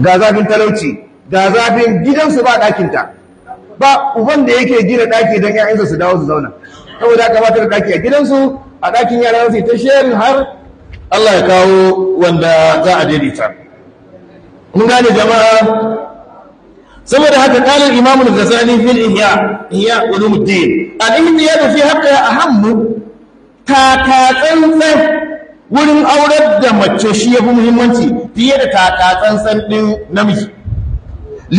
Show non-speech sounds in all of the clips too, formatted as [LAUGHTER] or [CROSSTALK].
ga zafin talauci ga zafin gidansu ba ɗakinta ba uban da yake gina ɗaki don ‘ya'yansa su dawo su zauna saboda aka ba da ɗaki a gidansu a ɗakin yara su ta sharing har Allah ya kawo wanda za a daidaita mun gane jama'a saboda haka kalar imamun da zazani fil ihya ihya ulumuddin al-ihya fi a ahammu ta ta tsantsan wurin aurar da mace shi ya fi muhimmanci fiye da takatsantsan ɗin namiji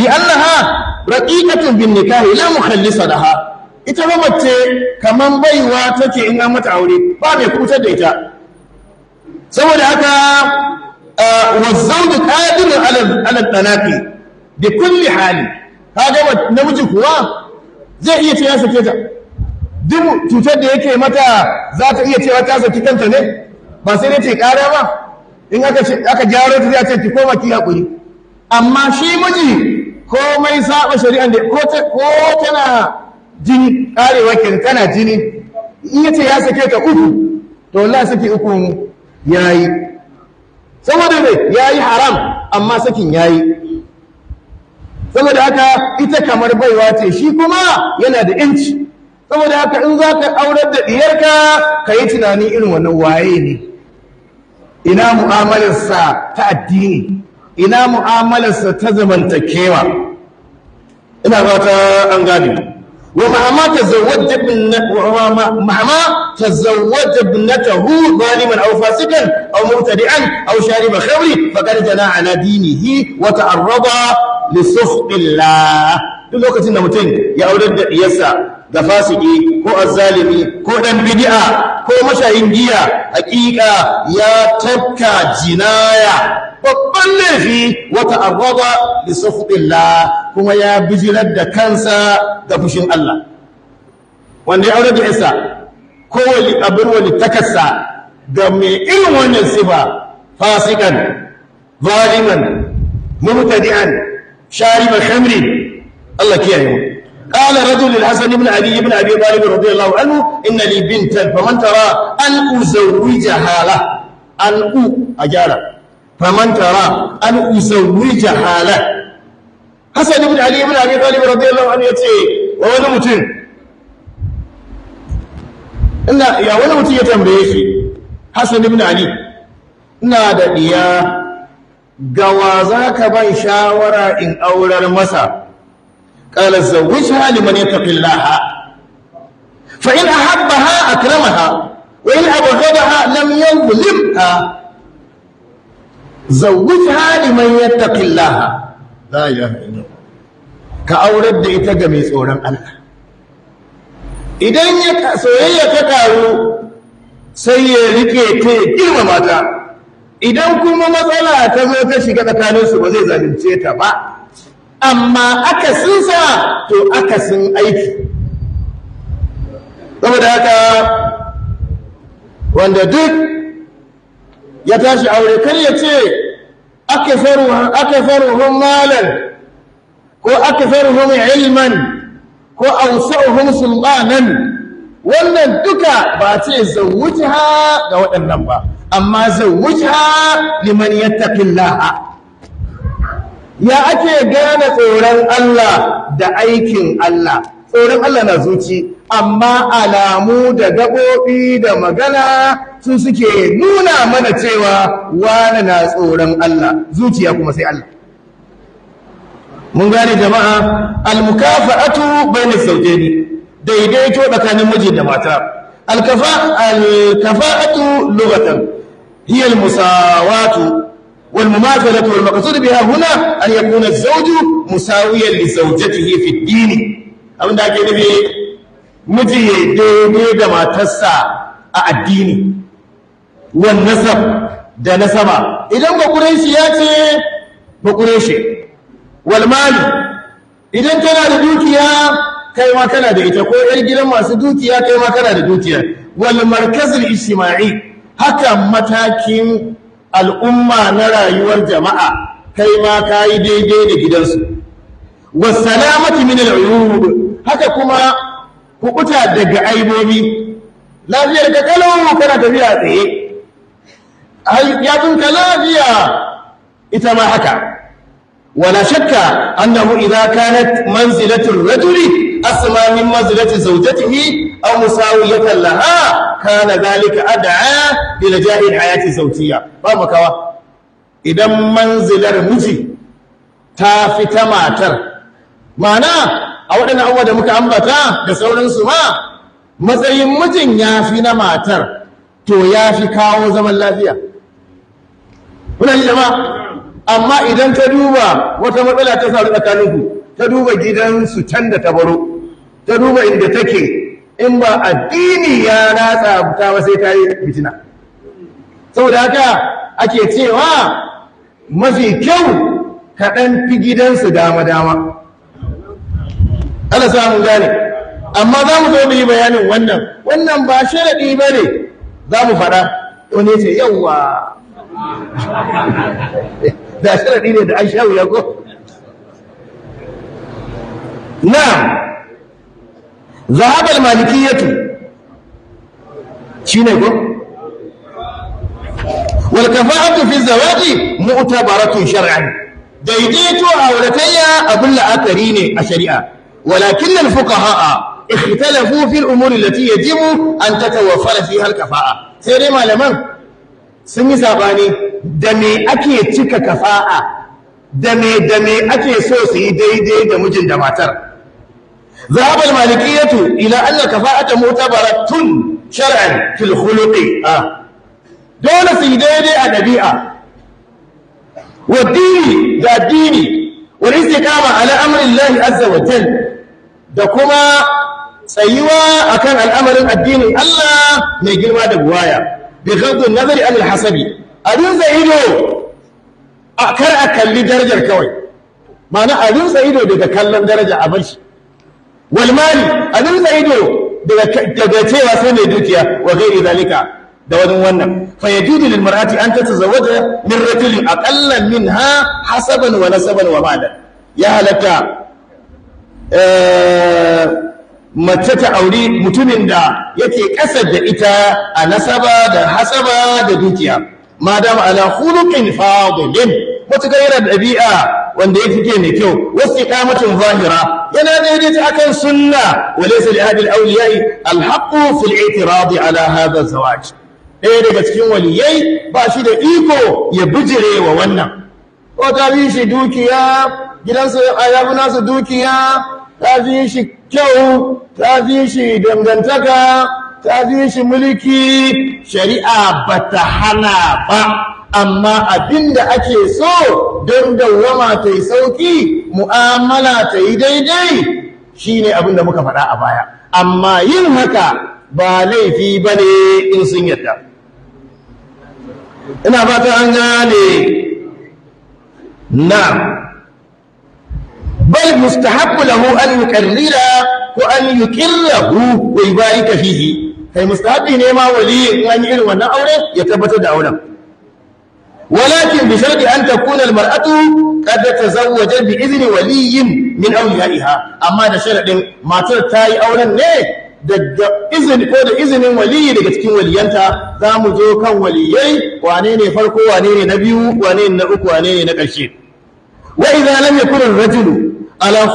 ha raqiqatun bin nikahi la kalli sadaha. ita ba mace kamar baiwa take in an mata aure ba mai kutar da ita saboda haka wa zaune ƙadirin alal ala da kulli hali namiji kuwa zai iya ce ya sake ta duk cutar da yake mata za ta iya cewa ta saki kanta ne ba sai dai ce ba in aka gyara ta zai ce ki koma ki haƙuri amma shi miji komai saba shari'an da ko tana jini karewa ke tana jini in yace ya sake ta uku to wallahi saki uku yayi saboda ne yayi haram amma sakin yayi saboda haka ita kamar baiwa ce shi kuma yana da inci. saboda haka in za ka aurar da diyarka ka yi tunani irin wannan waye ne ina mu'amalarsa ta addini ina mu'amalarsa ta zamantakewa ina fata an gane ومهما a ابن مهما تزوج ابنته ظالما او فاسقا او مبتدعا او شارب خمر فقد جنى على دينه وتعرض لسخط الله duk lokacin da mutum ya aurar da iyarsa da fasiki ko azzalimi ko dan bid'a ko mashayin giya haƙiƙa ya tafka jinaya babban laifi wata arwaba da safuɗillah kuma ya bijirar da kansa ga fushin Allah wanda ya aure da isa ko wali abin wali takarsa ga mai irin wannan sifa fasikan zaliman mubtadi'an shariba khamri Allah kiyaye mu قال رجل الحسن بن علي بن أبي طالب رضي الله عنه إن لي بنتا فمن ترى أن أزوجها له أن أو أجارة فمن ترى أن أزوجها له حسن بن علي بن أبي طالب رضي الله عنه يتي وولي متن إلا يا ولي متن يتنبيه حسن بن علي إنا دنيا gawa za ka ban shawara in aurar masa قال زوجها لمن يتق الله فإن أحبها أكرمها وإن أبغضها لم يظلمها زوجها لمن يتق الله لا يا كأورد إتجمي سورا الله idan soyayya ta karu sai ya rike ta girma mata idan kuma matsala ta zo ta shiga tsakaninsu ba zai zalunce ta ba amma akasinsa to akasin aiki saboda haka wanda duk ya tashi aure kar ya ce akasaruhum malan ko akasaruhum ilman ko awsa'uhum sulmanan wannan duka ba ce zawwujha ga waɗannan ba amma zawwujha liman yattaqillaha ya ake gane tsoron Allah da aikin Allah tsoron Allah na zuci amma alamu da gaɓoɓi da magana su suke nuna mana cewa wane na tsoron Allah zuciya kuma sai Allah mun gane jama'a almukafa'atu bayna zawjaini daidaito tsakanin miji da mata alkafa alkafa'atu lughatan hiya musawatu والمماثلة والمقصود بها هنا أن يكون الزوج مساويا لزوجته في الدين abin da ake nufi miji ya daidai da matarsa a addini wan nasab da nasaba idan bakureshi ya ce bakureshi wal idan tana da dukiya kai ma kana da ita ko yar gidan masu dukiya kai ma kana da dukiya wal markazul ijtimai haka matakin al'umma na rayuwar jama'a kai ma ka yi daidai da gidansu wasalamati min al'uyub haka kuma kuɓuta daga aibobi lafiyar ka kalau kana tafiya tsaye ya ka lafiya ita ma haka wala shakka annahu idza kanat manzilatul rajuli asma min manzilati zawjatihi ya talla أو مساوية لها كان ذلك أدعى لنجاح الحياة الزوجية فمكوا idan manzilar miji ta fi ta matar mana a waɗannan abubuwa da muka ambata da sauransu ma matsayin mijin ya fi na matar to ya fi kawo zaman lafiya kuna ji jama amma idan ta duba wata matsala ta faru tsakaninku ta duba gidansu can da ta baro ta duba inda take in ba addini ya ratsa ta ba sai ta yi fitina saboda haka ake cewa mafi kyau kaɗan fi gidansu dama-dama ala samun gane amma za mu zo mu yi bayanin wannan wannan ba sharaɗi ba ne za mu faɗa wani ce yawwa [LAUGHS] da sharaɗi ne da an sha wuya ko na zahabal malikiyatu shine ko wal kafa'atu fi zawaji mu'tabaratun shar'an daidaito auratayya abin la'akari ne a shari'a walakin al-fuqaha ikhtalafu fil umuri allati yajibu an tatawaffara fiha al-kafa'a sai dai malaman sun yi sabani da me ake cika kafa'a da me da me ake so su yi daidai da mijin da matar ذهب المالكية إلى أن الكفاءة معتبرة شرعا في الخلق آه. دولة سيدانة النبيئة والدين ذا الدين والاستقامة على أمر الله عز وجل دكما سيوا أكان الأمر الديني الله نجل ما دبوايا بغض النظر عن الحسبي أدين زيدو أكر أكل درجة الكوي معنى أدين زيدو دكالن درجة أبنشي walmali a zurna ido daga cewa sai mai dukiya wa gairi zalika da wani wannan fa yajudu lil mar'ati an tatazawwaja min rajulin aqalla minha hasaban wa nasaban wa malan ya halatta eh, mace ta auri mutumin da yake ƙasa da ita a nasaba da hasaba da dukiya madama ala khuluqin fadilin matukar yana da ɗabi'a wanda ya fike mai kyau wasu ƙamacin zahira yana daidaita akan sunna wale laysa li ahli al-awliya'i al-haqqu fil ala ɗaya daga cikin waliyai ba shi da iko ya bijire wa wannan ko ta fi shi dukiya gidansa ya fi nasa dukiya ta fi shi kyau ta fi shi dangantaka ta fi shi mulki shari'a ba ta hana ba amma abinda ake so don dawwama ta yi sauki mu'amala ta yi daidai shi ne abinda muka faɗa a baya amma yin haka ba laifi ba ne in sun yadda ina fata an gane na bal mustahab'u lahu an karrira ko an yi wai ba yi fihi kai mustahab'i ne ma wali in an yi irin wannan aure ya tabbatar da auren walakin bi sharti an takuna almar'atu qad tazawwaja bi izni waliyyin min awliyaiha amma da sharaɗin, matar ta yi auren ne daga izini ko da izinin waliyi daga cikin waliyanta za mu zo kan waliyai wane ne farko wane ne na biyu wane ne na uku wane ne na ƙarshe wa idza lam yakun ar-rajulu ala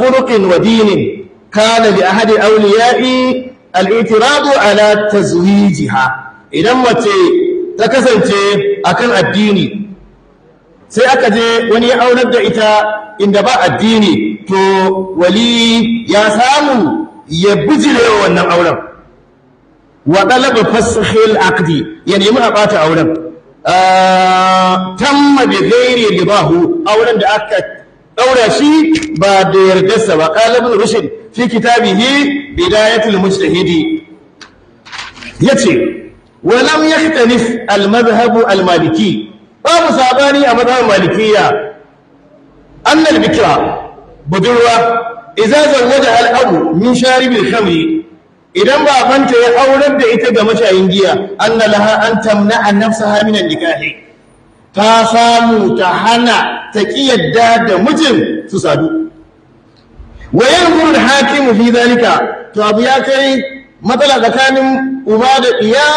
wa dinin kana li ahadi awliya'i al-i'tiradu ala tazwijiha idan mace ta kasance a kan addini sai aka je wani ya aunar da ita inda ba addini to wali ya samu ya bijire wannan auren wa ɗalaba fasahil akdi ya nemi a ɓata auren ah, tamma bi libahu auren da aka ɗaura shi ba da yardarsa ba ƙalibin rashin fi kitabihi bidayatul mujtahidi yace walam yaktanif al-madhhabu al babu sabani a mazhabin malikiya annal bikra budurwa idza zawwaja al abu min sharibi khamri idan babanta ya aurar da ita ga mashayin giya anna laha an tamna'a nafsaha min al nikahi ta samu ta hana ta kiyadda da mijin su sadu wa yanzuru al hakimu fi dhalika to abu ya kai matsala tsakanin uba da iya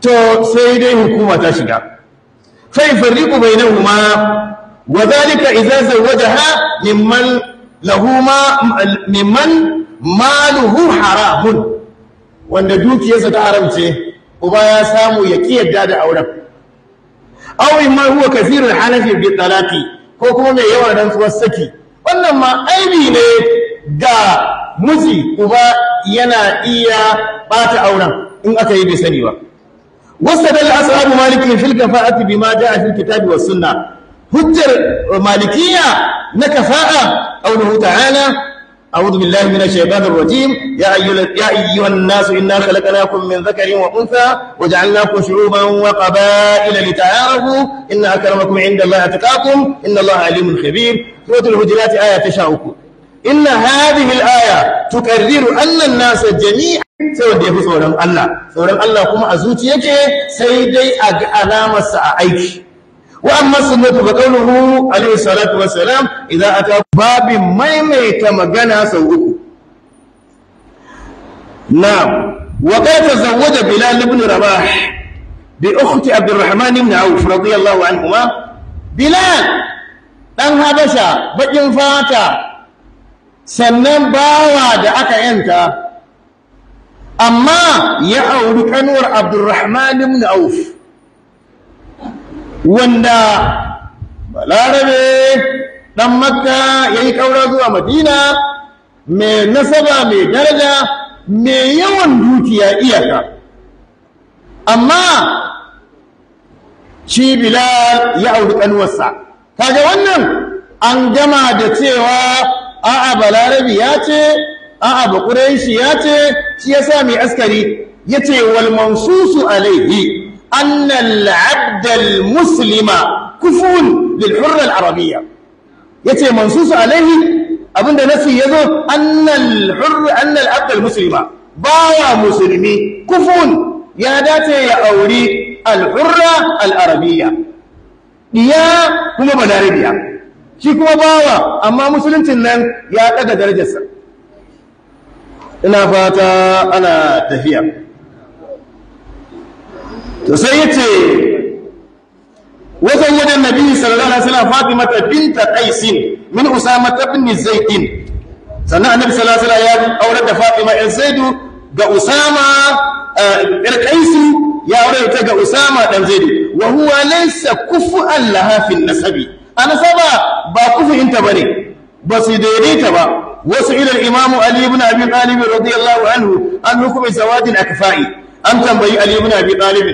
to sai dai hukuma ta shiga fa yufarriqu bainahuma wa dhalika idza zawwajaha mimman lahuma mimman maluhu haramun wanda dukiyarsa ta haramce uba ya samu ya kiyarda da auren aw imma huwa kathirul hanafi bi talaqi ko kuma mai yawan rantsuwar saki wannan ma aibi ne ga miji uba yana iya bata auren in aka yi bai sani ba واستدل أصحاب مالك في الكفاءة بما جاء في الكتاب والسنة هجر مالكية نكفاءة قوله تعالى أعوذ بالله من الشيطان الرجيم يا أيها الناس إنا خلقناكم من ذكر وأنثى وجعلناكم شعوبا وقبائل لتعارفوا إن أكرمكم عند الله أتقاكم إن الله عليم خبير سورة الهجرات آية تشاؤكم inna hadhihi al-aya tuqarriru anna an-nasa jami'an sai ya fi tsoron Allah tsoron Allah kuma a zuciya yake sai dai a ga alamarsa a aiki wa amma sunnatu fa qawluhu alayhi salatu babin maimaita magana sau uku na'am wa qad tazawwaja bilal ibn rabah bi ukhti abdurrahman ibn auf radiyallahu anhuma bilal dan habasha baƙin fata sannan bawa da aka yanta amma ya auri kanuwar abdurrahman ibn auf wanda balarabe dan makka yayi kaura zuwa madina mai nasaba mai daraja mai yawan dukiya iyaka amma shi bilal ya auri kanuwarsa kaga wannan an gama da cewa a'a balarabi ya ce a'a bakuraishi ya ce shi ya sa mai askari ya ce wal mansusu alaihi annal abdal muslima kufun lil hurral arabiya ya ce mansusu alaihi abinda nasi ya zo annal hurr annal abdal muslima bawa musulmi kufun ya dace ya auri al hurra al arabiya diya kuma balarabiya shi kuma bawa amma musuluncin nan ya ɗaga darajarsa ina fata ana tafiya to sai ya ce wajen wajen nabi sallallahu alaihi wasallam fatimata binta qaisin min usama ibn zaid sannan annabi sallallahu alaihi wasallam ya aure da fatima ɗan zaidu ga usama ɗan eh, qaisu ya aure ta ga usama ɗan zaidu wa huwa laysa kufu allaha fi nasabi a nasaba ba kufi'inta ba bane ba su daidaita ba wasu ilar imamu ali ibn abi talib radiyallahu anhu an hukumi zawadin akfa'i an tambayi ali ibn abi talib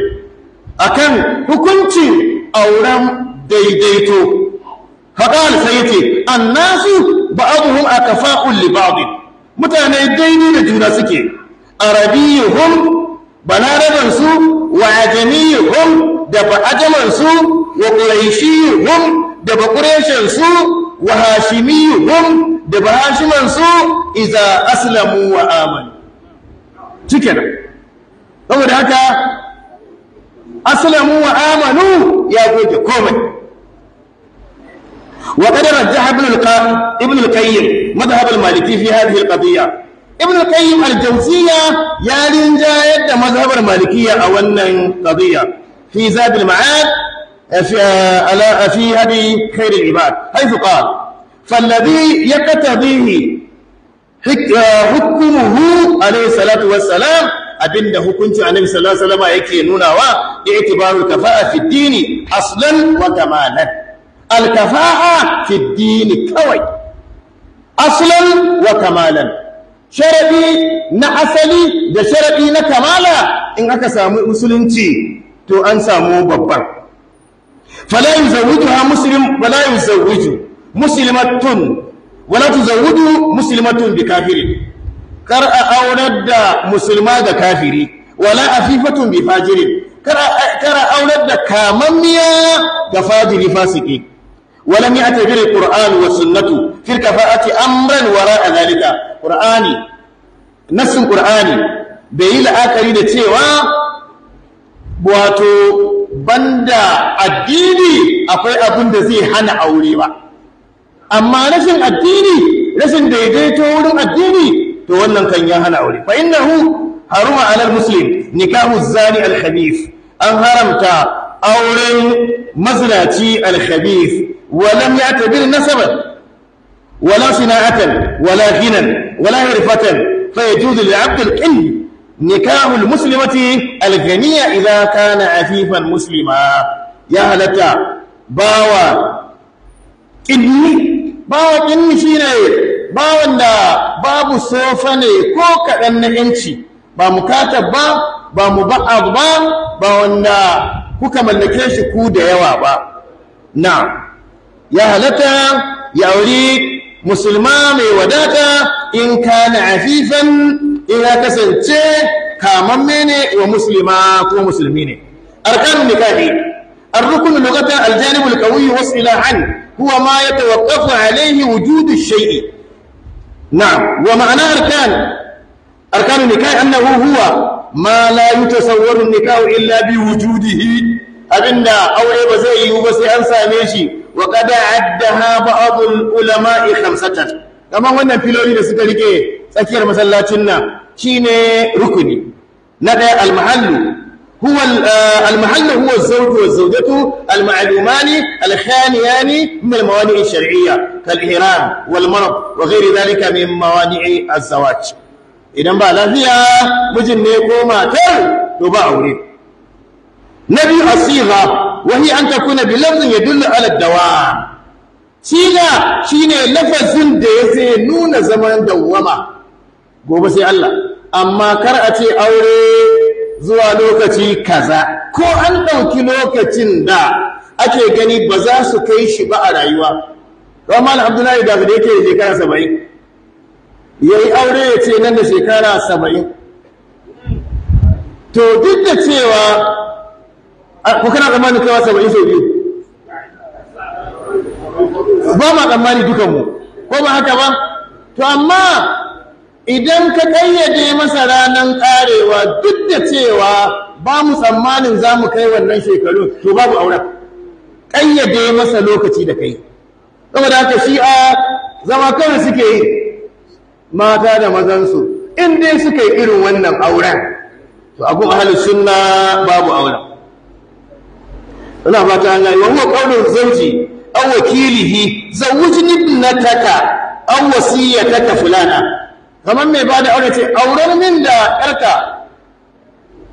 akan hukuncin auren daidaito faqal sayyati annasu ba'dhum akfa'un li ba'd mutane daidai da juna suke arabiyuhum balaraban su wa ajamiyuhum da ba'ajaman su wa quraishiyuhum da bakureshen su wa hashimiyuhum da bahashiman su iza aslamu wa amanu da saboda haka aslamu wa amanu ya goge komai وقد رجح ابن ابن القيم مذهب المالكي في هذه القضية ابن القيم الجوزية يا لنجا يد مذهب المالكية أو القضية في زاد المعاد في هدي خير العباد حيث قال فالذي يقتضيه حكمه عليه الصلاة والسلام abinda hukunci annabi sallallahu alaihi wasallam yake nunawa i'tibarul kafa'a fi dini aslan wa kamalan al kafa'a fi kawai aslan wa kamalan na asali da sharadi na kamala in aka samu musulunci to an samu babbar فلا يزوجها مسلم ولا يزوج مسلمة ولا تزوج مسلمة بكافر كر أولد مسلمة كافر ولا أفيفة بفاجر كر أولد كاممية كفاجر فاسق ولم يعتبر القرآن والسنة في الكفاءة أمرا وراء ذلك قرآني نفس قرآني بيل آخر da cewa wato banda addini akwai abin da zai hana aure ba amma rashin addini rashin daidaito wurin addini to wannan kan ya hana aure fa innahu haruma alal muslim nikahu zani al khabith an haramta auren mazraci al khabith wa lam ya'tabir wala sina'atan wala ghinan wala hirfatan fa yajuz li 'abd al nikahul muslimati alghaniya idza kana afifan muslima ya halatta bawa kinni bawa kinni shine bawan da babu sofa ne ko kaɗan na yanci ba mukatab ba ba muba'ad ba ba wanda kuka mallake shi ku da yawa ba na ya halatta ya auri musulma mai wadata in kana afifan in ya kasance kamamme ne wa musulma ko musulmi ne arkanun rukunin arrukun lugatan aljanibul qawiy wa silahan huwa ma yatawaqqafu alayhi wujud ash-shay' na'am wa ma'na arkan arkanun nikahi huwa ma la yatasawwaru an-nikahu illa bi wujudihi abinda aure ba zai yiwu ba sai an same shi wa qad addaha ba'd al-ulama'i khamsatan kaman wannan filoli da suka rike tsakiyar masallacin nan shi ne rukuni na ɗaya almahallu eh, almahallu huwa zaujatu almahallumani alhaniyani mil mawani shari'iyya kal'iran walmarab wa zai rizalika mai mawani a zawaci idan ba lafiya mijin ne ko matar to ba aure na biyu a siha wani an ta kuna bilafin ya dullu aladdawa shi na shi ne lafazin da ya zai nuna zaman dawwama gobe sai Allah amma kar a ce aure zuwa lokaci kaza ko an ɗauki lokacin da ake gani ba za su kai shi ba a rayuwa don malam abdullahi da da yake shekara saba'in ya yi aure ya ce nan da shekara saba'in to duk da cewa ku kana tsammanin kawa saba'in sau biyu ba ma tsammani dukanmu ko ba haka ba to amma idan ka kayyade masa ranar karewa duk da cewa ba mu tsammanin za mu kai wannan shekaru to babu aura kayyade masa lokaci da kai saboda haka shi'a zama kawai suke yi mata da mazansu in dai suka yi irin wannan auren to abu ahalus sunna babu auren ina fata an gani wannan qaulun zauji aw wakilihi ibnataka aw wasiyataka fulana kamar mai ba da aure ce auren min da yarka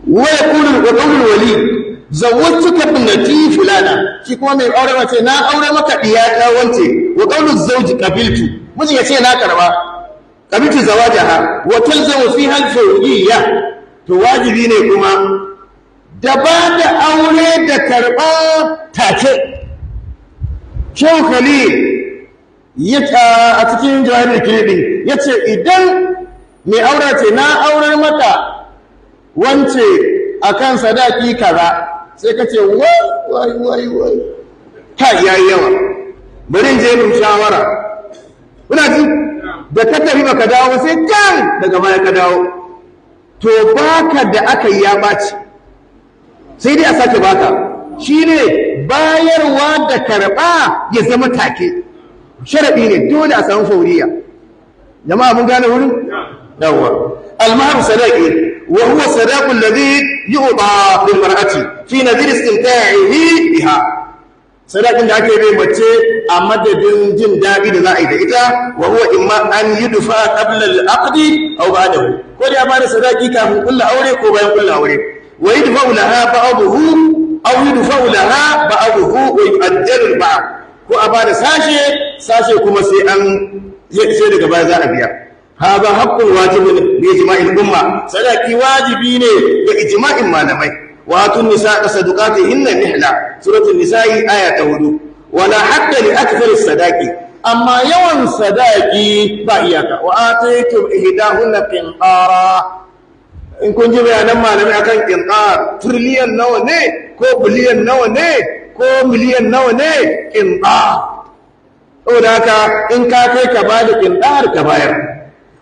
waya da qulul wali zawwajtuka binati fulana shi kuma mai aure ce na aure maka ɗiya ta wance wa qawlu zawji qabiltu miji ya ce na karba da ha wa zama fi al ya? to wajibi ne kuma da ba da aure da karɓa take Shehu Khalil a cikin jawabin kirɗin ya ce idan mai aure ce na aurar mata wance a kan sadaki kaza sai ka ce wai wai wai ta yayi yawa bari je mu shawara kuna ji da ka tafi baka dawo sai kan daga baya ka dawo to baka da aka yi ya ɓaci sai dai a sake baka ne bayarwa da karɓa ya zama take sharaɗi ne dole a samu fauriya jama'a mun gane wurin yawwa almahar sadaqi wa huwa sadaqu alladhi yu'ta lil mar'ati fi nadhir istimta'ihi biha sadaqin da ake bai mace a madadin jin daɗi da za a yi da ita wa huwa imma an yudfa qabla al-aqd aw ba'dahu ko da ba da sadaqi kafin kullu aure ko bayan kullu aure wa yudfa laha ba'dahu aw yudfa laha ba'dahu wa yu'ajjalu ba'd ko a bada sashe sashe kuma sai an sai daga baya za a biya haza haqqul wajibun bi ijma'il umma sadaki wajibi ne da ijma'in malamai watun nisa sadaqati inna nihla suratul nisa'i aya 4 wala hadda li akthar sadaqi amma yawan sadaki ba iyaka wa ataytum ihdahunna qinqara in kun ji bayanan malami akan qinqar trillion nawa ne ko biliyan nawa ne ko miliyan nawa ne ƙindar ko da haka in ka kai ka ba da ka bayar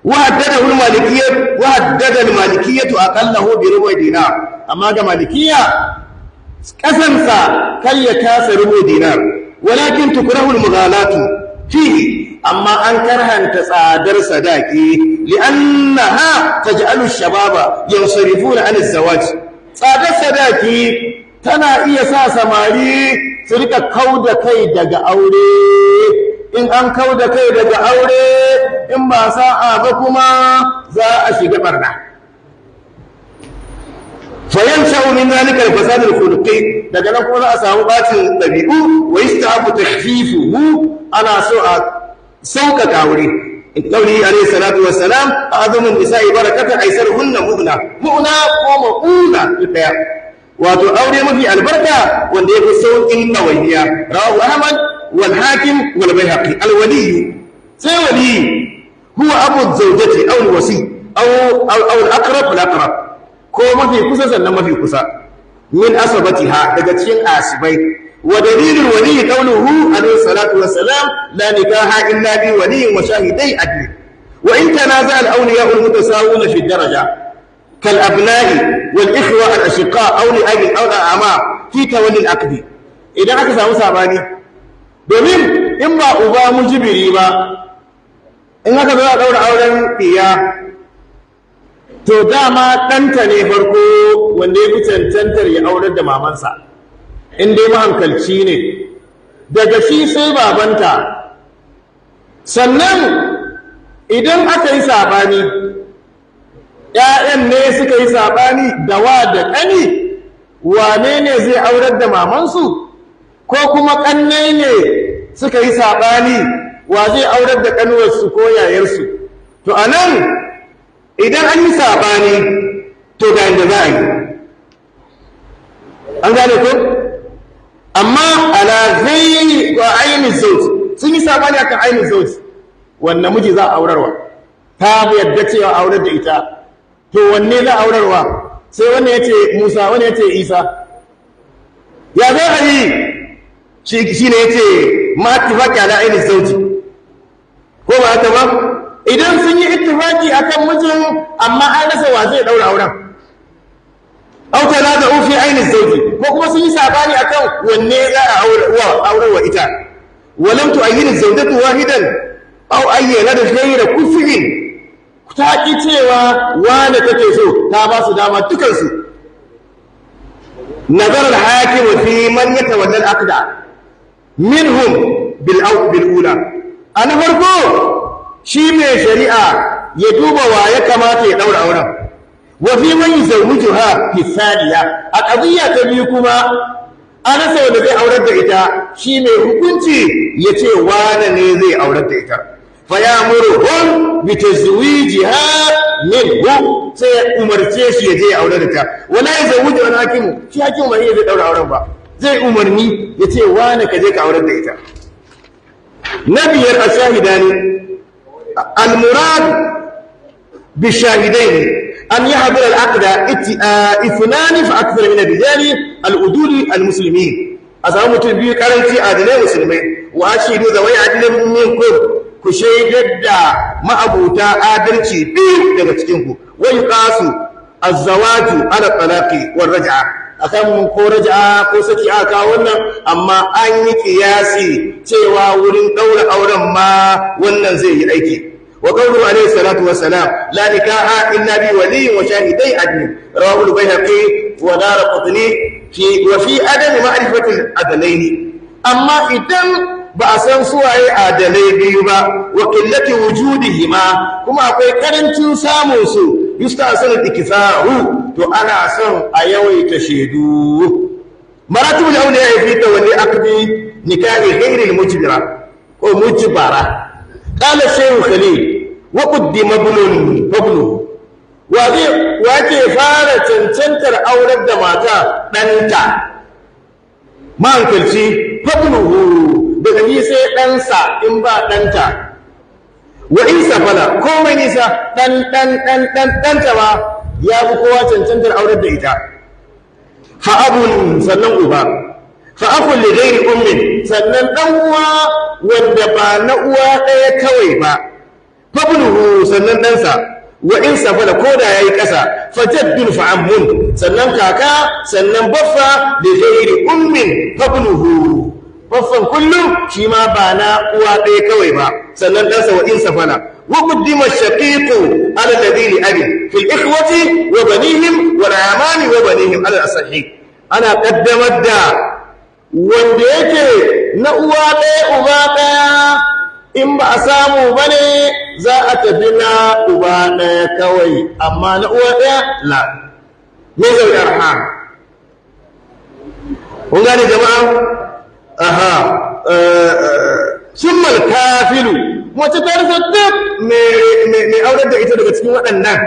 wa'addada wul malikiyyar wa'addada malikiyyatu aqalla hu bi rubu dinar amma ga malikiyya kasansa kai ya kasa rubu dinar walakin tukrahu al mughalatu fi amma an karhanta tsadar sadaki li'annaha taj'alu ash-shababa yansarifuna an az-zawaj tsadar sadaki tana iya sa samari su rika kau da kai daga aure in an kau da kai daga aure in ba sa'a ba kuma za a shiga barna fayanshau shaunin zalika al-fasad da khuluqi daga nan kuma za a samu bacin ɗabi'u wa kifu mu ana so a sauƙaƙa wuri a alayhi salatu wa salam a'zamu nisa'i aisar hunna mu'una mu'una ko mu'una ɗaya. wato aure mafi albarka wanda ya fi sauƙin ɗawainiya rawahu ahmad wal hakim wal baihaqi al wali sai Wali huwa abu zawjati aw al wasi aw aw al aqrab al aqrab ko mafi kusa sannan mafi kusa min asabatiha daga cikin asibai wa dalilul waliyi qawluhu alayhi salatu wassalam la nikaha illa bi waliyyin wa shahidai adli wa in tanaza al awliya al mutasawuna fi daraja كالأبناء والإخوة الأشقاء أو لأب أو لأعمى في تولي العقد إذا aka samu sabani domin in ba uba mujibiri ba in aka zo a daura auren diya to dama ɗanta ne farko wanda ya fi ya aurar da mamansa in dai mahankalci ne daga shi sai babanta sannan idan aka yi sabani ‘ya'yan ne suka yi saɓani da wa da ƙani wane ne zai aurar da mamansu ko kuma ƙanne ne suka yi saɓani wa zai aurar da ƙanuwarsu ko yayarsu to a nan idan an yi saɓani to ga inda za a yi an gane ko amma ala zai wa ainihin sauti sun yi saɓani a kan ainihin sauti wanda miji za a aurarwa ta yadda cewa aurar da ita to wanne za aurarwa sai wanne ya ce musa wanne ya ce isa ya zai hari shi ne ya ce ma'attifaki ala ainihin sauti ko ba ta ba idan sun yi a kan mijin amma an rasa wa zai daura auren auta na da ofi ainihin sauti ko kuma sun yi sabani kan wanne za a auren wa ita walam tu ayyana wahidan aw ayyana da da kufrin ta ƙi cewa wane take so ta ba su dama dukansu nazarar wa fi man ya wannan akida minhum bil au bil ula an farko shi mai shari'a ya duba wa ya kamata ya ɗaura auren wa fi man yuzawwijuha fi thaniya a qadiyya ta biyu kuma an rasa wanda zai aurar da ita shi mai hukunci ya ce wane ne zai aurar da ita fayamuruhun bitazwijiha minhu sai ya umarce shi ya je ya aure da ta wala yazawuju an hakimu shi hakimu bai zai daura auren ba zai umarni ya ce wani ka je ka aure da ita na biyar a shahidani almurad bi shahidain an yi habir al'aqda ifunani fa akthar min ar-rijali al-udud al Al-Musulmi, a samu mutum biyu karanci adalai musulmai wa shi ne zawai adalai mu'min ko ku shaidar da ma'abuta adalci biyu daga cikinku. Wai kasu yuqasu ala talaqi wal raj'a akan ko raj'a ko saki aka wannan amma an yi kiyasi cewa wurin daura auren ma wannan zai yi aiki wa qawlu alayhi salatu wa salam la nikaha illa bi wali wa shahidai adni rawahu al-bayhaqi wa darqutni fi wa fi adam ma'rifati adalaini amma idan ba a san suwaye adalai biyu ba wa qillati wujudihima kuma akwai karancin samun su yustasan ikisaru to ana son a yawaita shedu maratibul ya fi wani akbi nikahi ghairi mujbira ko mujbara qala shaykh khalil wa qaddima bulun bulu wa ke fara cancantar aurar da mata ɗanta ma'ankalci fabluhu daga ni sai ɗansa in ba ɗanta wa isa fala komai nisa ɗan ɗan ɗan ɗan ɗanta ba ya fi kowa cancantar aurar da ita fa abun sannan uba fa akun li ghairi ummin sannan ɗan uwa wanda ba na uwa ɗaya kawai ba fabluhu sannan ɗansa wa in safala ko da yayi ƙasa fa ammun, sannan kaka sannan baffa da ghairi ummin fabluhu baffan kullum shi ma ba na uwa ɗaya kawai ba sannan ɗansa wa insa fana wa kuddima shaqiqu ala ladini wa banihim wa ramani wa banihim ala ana ƙaddamar da wanda yake na uwa ɗaya uba ɗaya in ba a samu ba ne za a tafi na uba ɗaya kawai amma na uwa ɗaya la mai zaune gane jama'a aha eh, eh, summal kafilu wacce ta rufe duk mai aurar da ita daga cikin waɗannan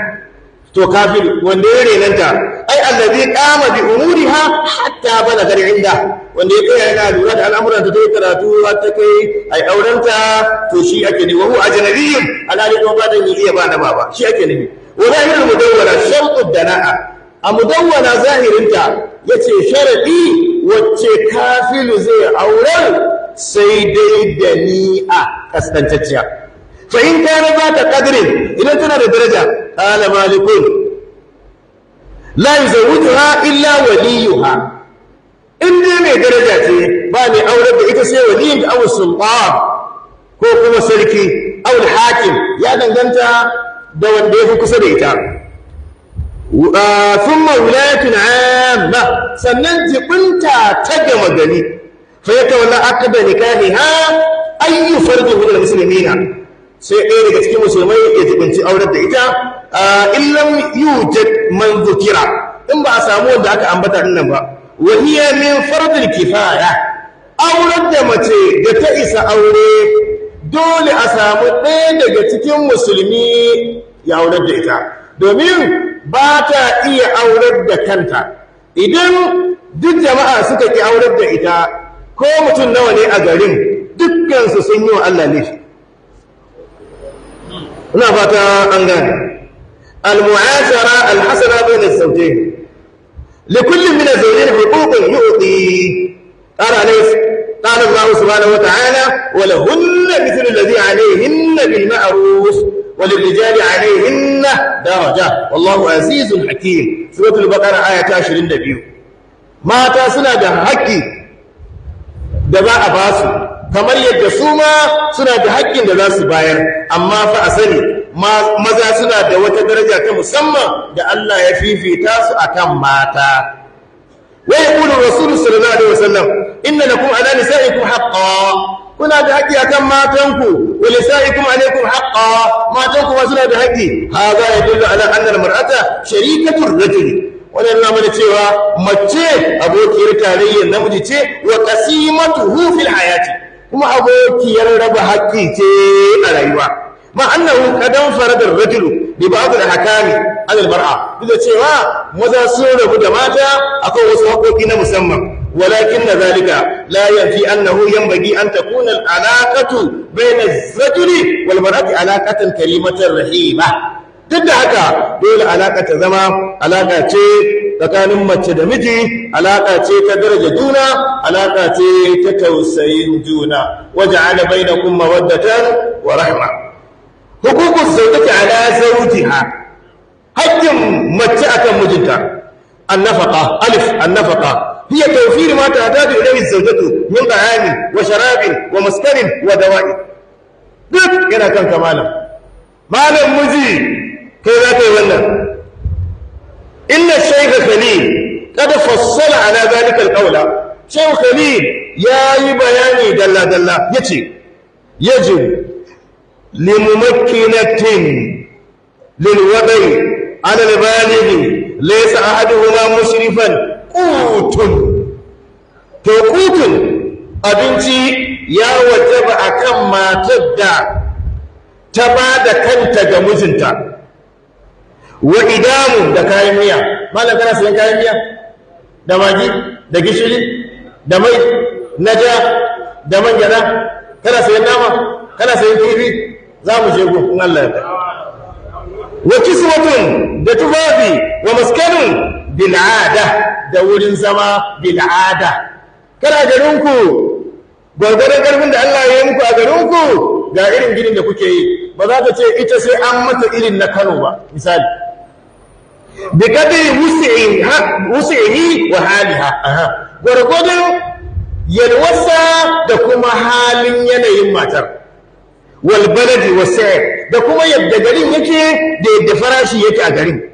to kafilu wanda ya renanta ai allazi qama bi umuriha hatta balaga inda wanda ya kai yana lura da al'amuran ta yi karatu har ta kai ai aurenta to shi ake ne wa huwa ajnabiyyun alali ko ba da ni yi ba na baba shi ake ne wa zahirul mudawwara shartu dana'a a mudawwana zahirinta ya ce sharaɗi wacce kafilu zai auren sai dai da ni'a kastantacciya fahim ta raba ta ƙadirin idan tana da daraja ƙala malikun la yi zawutuwa illa waliyuha in dai mai daraja ce ba mai auren da ita sai waliyin da abu sulɓar ko kuma sarki abu hakim ya danganta da wanda ya fi kusa da ita ثم ولاية عامة سننتي قلت تجم جني فيتولى عقد نكاحها أي فرد musulmi na. sai ɗaya daga cikin musulmai ya jibinci aurar da ita illam yujad man zukira in ba a samu wanda aka ambata nan ba wa min fardil kifaya aurar da mace da ta isa aure dole a samu ɗaya daga cikin musulmi ya aurar da ita domin ba ta iya aurar da kanta idan duk jama'a suka ki aurar da ita ko mutum nawa ne a garin dukkansu sun yi wa Allah laifi ina fata an gane al-mu'ashara al-hasana bayna as li kullin min az huququn yu'ti qala alayhi qala Allah subhanahu wa ta'ala wa lahunna mithlu alladhi alayhinna bil ma'ruf وللرجال عليهن درجة والله عزيز حكيم سورة البقرة آية 22 mata suna da haƙƙi da za a basu. su kamar yadda su ma suna da haƙƙin da za su bayar amma fa a sani maza suna da wata daraja ta musamman da Allah ya fifita su akan mata wai kullu rasulullahi sallallahu alaihi wasallam inna lakum ala nisaikum haqqan kuna da haƙƙi akan matanku ولسائكم عليكم حقا ما تنكم وزنا بحقي هذا يدل على أن المرأة شريكة الرجل wannan na mana cewa mace abokiyar tarayyar namiji ce wa kasimatu hufil hayati kuma abokiyar raba haƙƙi ce a rayuwa ma annahu kadan faradar ar-rajulu bi ba'd al-hakami al-mar'a duk cewa maza sun rabu da mata akwai wasu haƙoƙi na musamman ولكن ذلك لا ينفي أنه ينبغي أن تكون العلاقة بين الزجر والمرأة علاقة كريمة رحيمة duk haka dole alaka ta zama alaka ce tsakanin mace da miji alaka ce ta daraja juna alaka ce ta tausayin juna waja'ala bainakum mawaddatan wa rahma huququ zawjati ala zawjiha haqqin mace akan mijinta annafaqa an annafaqa هي توفير ما تحتاج إليه الزوجة من طعام وشراب ومسكن ودواء duk yana kanka malam malam miji kai za ka yi wannan inna shaykh khalil kada fassala ala zalika alqawla shaykh khalil yayi bayani dalla dalla yace yajib limumakkinatin lilwadi ala albaligh laysa ahaduhuma musrifan kutun to kutun abinci ya wajaba akan matar da ta ba da kanta ga mijinta wa idamu da kayan miya malam kana sayan kayan miya da magi da gishiri da mai na da man gyada kana sayan nama kana sayan kifi za mu je gun Allah ya wa kiswatun da tufafi wa maskanun bil'ada da wurin zama bil'ada kana garinku gwargwaron garin da Allah ya yi muku a garinku ga irin ginin da kuke yi ba za ka ce ita sai an mata irin na Kano ba misali bi ha wusi'i wa haliha gwargwadon yalwasa da kuma halin yanayin matar baladi wasa da kuma yadda garin yake da yadda farashi yake a garin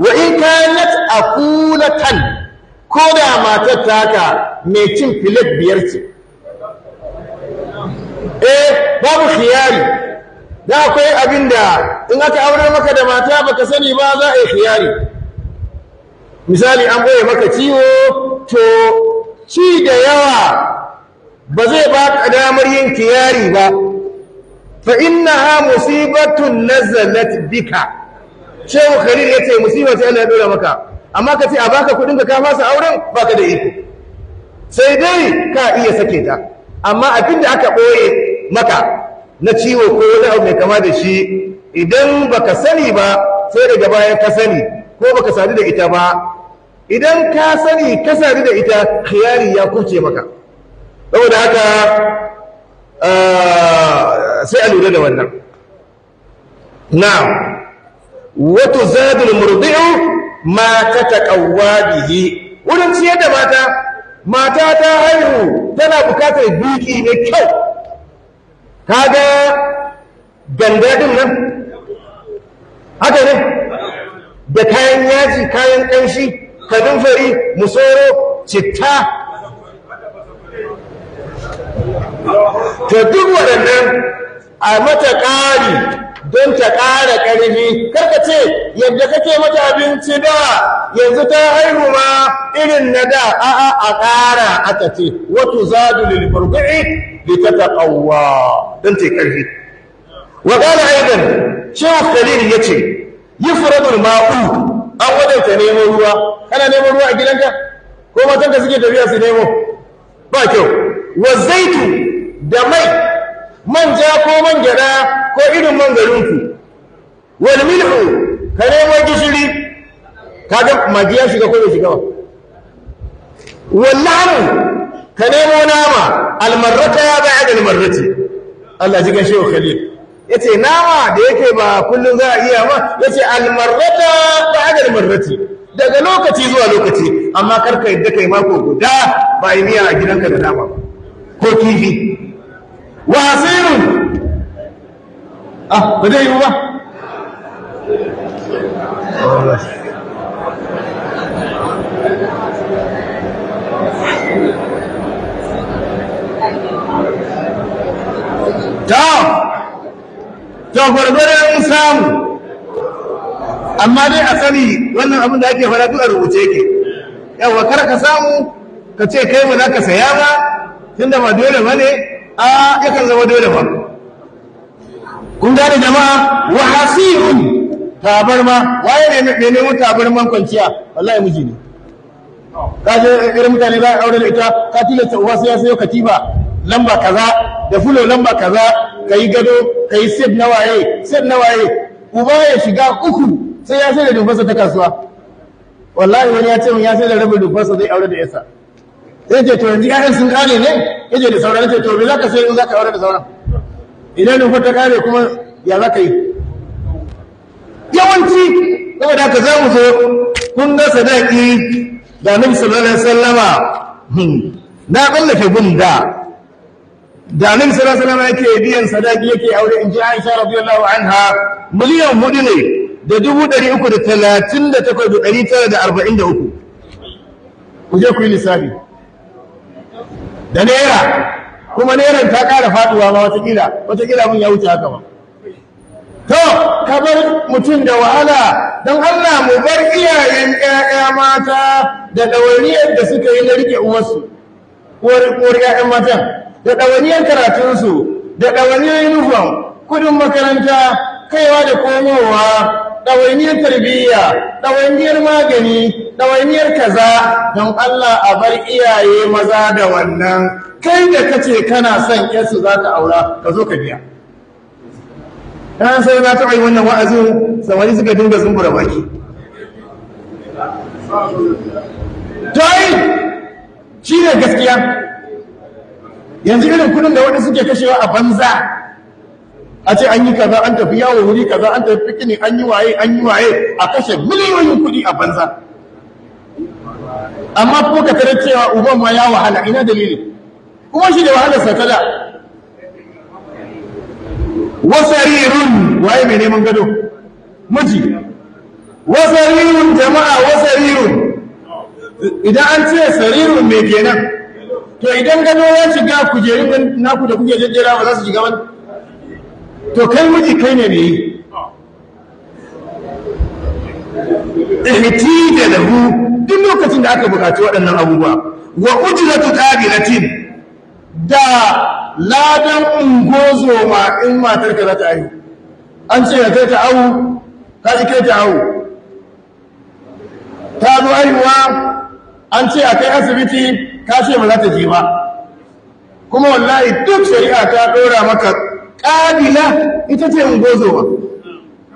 wa in kanat akulatan ko da matar taka mai cin filet biyar ce eh babu khiyari da akwai abin da in aka aure maka da mata baka sani ba za a yi khiyari misali an boye maka ciwo to ci da yawa ba zai ba damar yin khiyari ba fa innaha musibatun nazalat bika shehu karir ya ce musiba sai Allah ya dora maka amma ka ce a baka kuɗin ka ka fasa auren baka da iko sai dai ka iya sake ta amma abin da aka boye maka na ciwo ko wani abu mai kama da shi idan baka sani ba sai daga bayan ka sani ko baka sadu da ita ba idan ka sani ka sadu da ita khiyari ya kuce maka saboda haka ah, sai a lura da wannan na'am watuzadul murdi'u ma ta bihi wurin ciyar da mata mata ta haihu tana bukatar biki ne kyau kaga ganda din nan haka ne da kayan yaji kayan ƙanshi kadin fari musoro citta ta duk waɗannan a mata ƙari don ta ƙara ƙarfi karka ce yadda kake mata abinci da yanzu ta haihu ma irin na da a'a a ƙara aka ce wato zadu lil da ta tataqawwa don ta ƙarfi wa qala aidan ya khalil Yi furadun ma'u an wadaita nemo ruwa kana nemo ruwa a gidanka ko matanka suke tafiya su nemo ba kyau wa zaitu da mai manja ko man gyada ko irin man garinku wal milhu ka nemo gishiri kaga magi ya shiga ko bai shiga ba wal lahmu ka nemo nama almarrata ya ba'da almarrati Allah ji ganshe Khalil yace nama da yake ba kullun za a iya ba yace almarrata ba'da almarrati daga lokaci zuwa lokaci amma karka yadda kai mako guda ba yi miya a gidanka da nama ko kifi wa hasirun ah ba zai yi ba ta ta gwargwaron samu amma dai a sani wannan abin da ake fara duk a rubuce ke ba kar ka samu ka ce kai ba za ka saya ba tunda ba dole ba ne a yakan zama dole ba kun gane jama'a wa hasirun tabarma waye ne ne nemo tabarman kwanciya wallahi miji ne ka je irin mutane za a aure da ita ka tilasta uwa sai ya sayo katiba lamba kaza da fulo lamba kaza kai gado kai sib na waye sib na waye uba ya shiga uku sai ya sayar da dufarsa ta kasuwa wallahi wani ya ce min ya sayar da rabin dufarsa zai aure da yasa yake ce to yanzu ƴaƴan sun kare ne yake da sauran ce to me ka sai in za ka da sauran idan nufa ta kare kuma ya ka yi yawanci da ka za mu so kun ga sadaki da nufi sallallahu alaihi sallama hmm. na tsallake gunda da nufi sallallahu alaihi sallama yake biyan sadaki yake aure in ji Aisha radiyallahu anha miliyan hudu ne da dubu ɗari uku da talatin da takwas da ɗari tara da arba'in da uku ku je ku yi lissafi da naira kuma nairan ta ƙara faɗuwa ma watakila watakila mun ya wuce haka ba to ka bar mutum da wahala don Allah mu bar iyayen ƴaƴa mata da ɗawainiyar da suka yi na riƙe uwarsu uwar ƴaƴan matan da ɗawainiyar karatunsu da ɗawainiyar uniform kudin makaranta kaiwa da komowa ɗawainiyar tarbiyya ɗawainiyar magani ɗawainiyar kaza don Allah a bar iyaye maza da wannan kai da kace kana son yarsu za ta aura ka zo ka biya ɗan sai za ta yi wannan wa'azin samari suka dinga zumbura baki tai shi ne gaskiya yanzu irin kudin da waɗanda suke kashewa a banza a ce an yi kaza an tafi yawon wuri kaza an tafi fikini an yi waye an yi waye a kashe miliyoyin kuɗi a banza amma kuma ka tare cewa uban ma ya wahala ina dalili kuma shi da wahalar sa tada wasarirun waye mai neman gado miji wasarirun jama'a wasarirun idan an ce sarirun mai kenan to idan gado ya shiga kujerun naku da kuke jejjera ba za su shiga wani to kai miji kai ne mai yi ihti da lahu duk lokacin da aka bukaci waɗannan abubuwa wa ujratu qabilatin da ladan ungozo ma in matar ka za ta yi an ce kai ta awu ka ike ta awu ta zo aiwa an ce a kai asibiti ka ce ba za ta ji ba kuma wallahi duk shari'a ta ɗora maka ƙabila ita ce ungozoma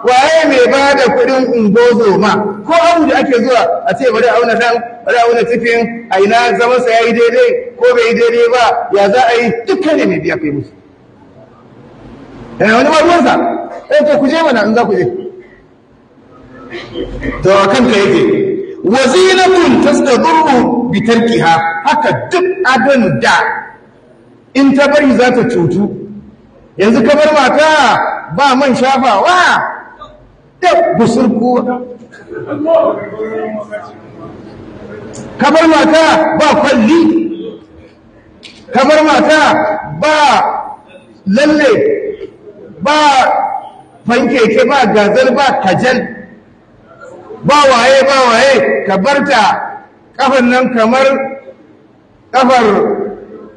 waye mai ba da kuɗin ungozoma ko abu da ake zuwa a ce bari auna nan bari auna cikin a ina zaman sa yayi daidai ko bai daidai ba ya za a yi dukkan ne mai biya kai musu eh wani ma ruwansa eh to ku je mana in za ku je to kanka yake wazinatun tastadurru bi tarkiha haka duk adon da in ta bari za ta cutu yanzu kamar mata ba man shafawa da busurku kamar mata ba kwalli kamar mata ba lalle ba fankeke ba gazal ba kajal ba waye ba waye ka barta kafan nan kamar kafar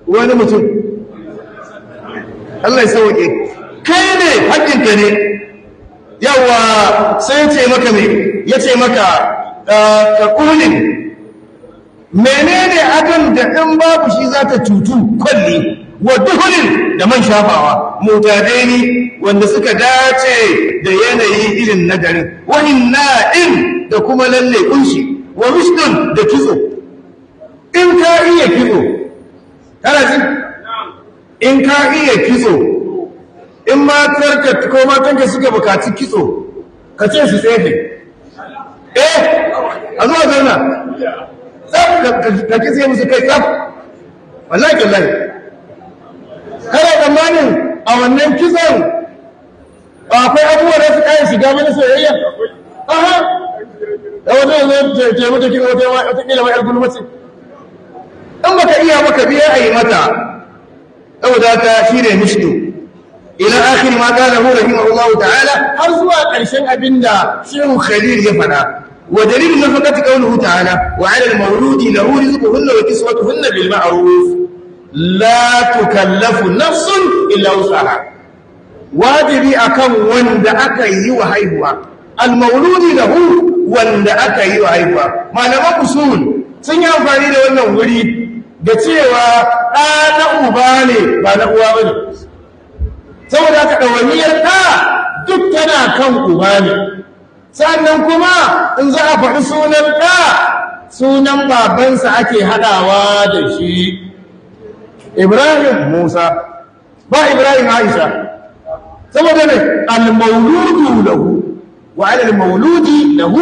wani mutum Allah ya sauke kai ne ka ne yawa sai ce maka me ya ce maka ah, ka kulin menene akan da in babu shi za ta cutu kwalli wa duhulin da man shafawa mutadaini wanda suka dace da yanayi irin nagarin, garin wa in da kuma lalle kunshi wa rusdun da kitso in ka iya kitso kana ji in ka iya kitso in matarka ko matanka suka bukaci kitso ka ce su tsefe eh a zuwa zauna tsaf ka kitse musu kai tsaf wallahi wallahi kada tsammanin a wannan kitson akwai abubuwan da su kayan shiga mana soyayya aha da wata zai taimaka kin wata wata kila mai algulmaci in baka iya baka biya a yi mata أو ذاك شير مشدو إلى آخر ما قاله رحمه الله تعالى أرزوا قرشان أبندا شيخ خليل يفنا ودليل نفقة قوله تعالى وعلى المولود له رزقهن وكسوتهن بالمعروف لا تكلف نفس إلا وسعها wajibi akan wanda aka yi wa haihuwa almauludi lahu wanda aka yi wa haihuwa malaman usul sun yi amfani da wannan wuri da cewa ɗa na uba ne ba na uwa ba ne saboda haka ɗawaniyar ɗa duk tana kan uba ne sannan kuma in za a faɗi sunan ɗa sunan babansa ake haɗawa da shi ibrahim musa ba ibrahim aisha saboda ne al-mauludu lahu wa ala mauludi lahu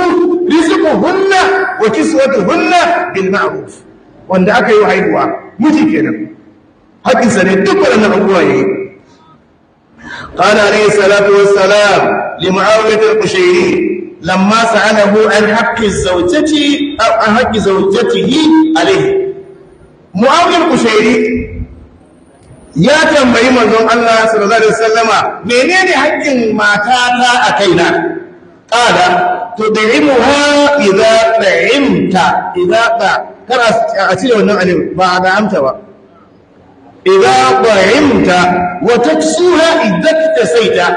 rizquhunna wa kiswatuhunna bil ma'ruf wanda aka yi haihuwa miji kenan haƙinsa ne duk waɗannan abubuwa ya yi ƙana alayhi salatu wassalam limu'awiyatar ƙushiri lamma sa'anahu an haƙƙin zaujati an haƙƙin zaujati yi alayhi mu'awiyar ƙushiri ya tambayi manzon Allah sallallahu alaihi wasallama menene haƙƙin mata ta a kaina ƙala tudimuha idza ta'imta idza ta kar a cire wannan alif ba a na'amta ba idza ta'imta wa taksuha idza tasaita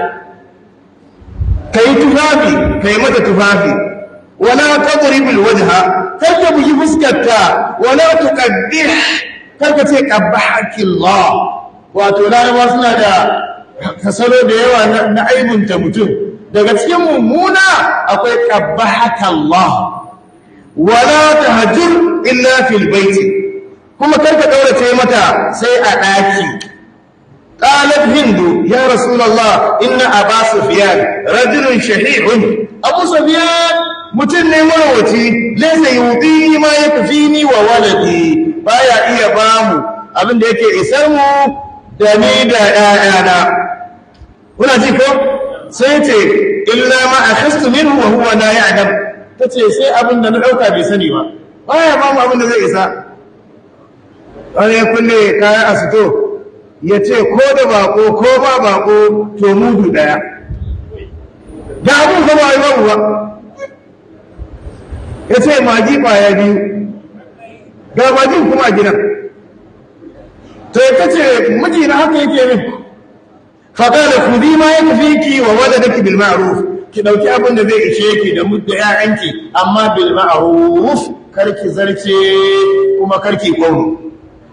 kai tufafi kai mata tufafi wala tadribul wajha kar ka buji fuskarta wala tuqaddih kar ka ce qabbahaki Allah wato larabawa suna da kasaro da yawa na aibunta mutum daga cikin mummuna akwai qabbahaka Allah wala ta hajjur illa filbaiti kuma karka daurace mata sai a ɗaki ƙalar hindu ya rasulallah inna a ba su fiyar rajinun shahihun abu su fiyar mutum ne marwaci laisa yi wuɗi ma ya fi ni wa walabi ba ya iya ba mu abinda yake isar mu da ni da ɗaya kuna ji ko sai ce illa ma a kastumin wa huwa na ya adam ta ce sai abin da na ɗauka bai sani ba Ba ba mu abin da zai isa wani ya kulle kayan asito ya ce ko da bako ko ba bako to mudu ɗaya da abin kuma a yi babu ba ya ce maji ya biyu ga majin kuma a gidan to ya kace miji na haka yake min faƙa da kudi ma ya tafi ki wa wadda duk ki ki ɗauki abin da zai ishe ki da mutu ƴaƴanki amma bil ma'ruf karki zarce kuma karki kauna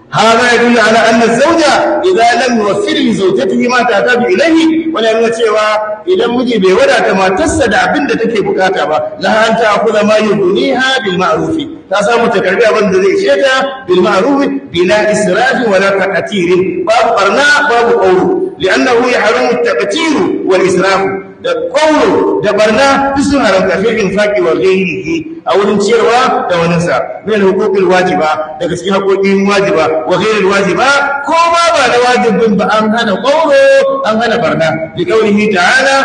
hada ya dunya ala anna zawja idan lam yusir li zawjatihi ma ta tabi ilayhi wala yana cewa idan miji bai wadata matarsa da abin da take bukata ba la an ta akhudha ma yuniha bil ma'ruf ta samu ta karbi abin da zai ishe ta bil ma'ruf bila israfi wala taqtir babu barna babu qawl لانه يحرم التقتير والاسراف da kawo da barna suna ɗin infaki wa gairihi a wurin ciyarwa da waninsa mai da hukukin wajiba daga cikin hakokin wajiba wa wajiba ko ba da wajibin ba an hana kawo an hana barna da kawo ta'ala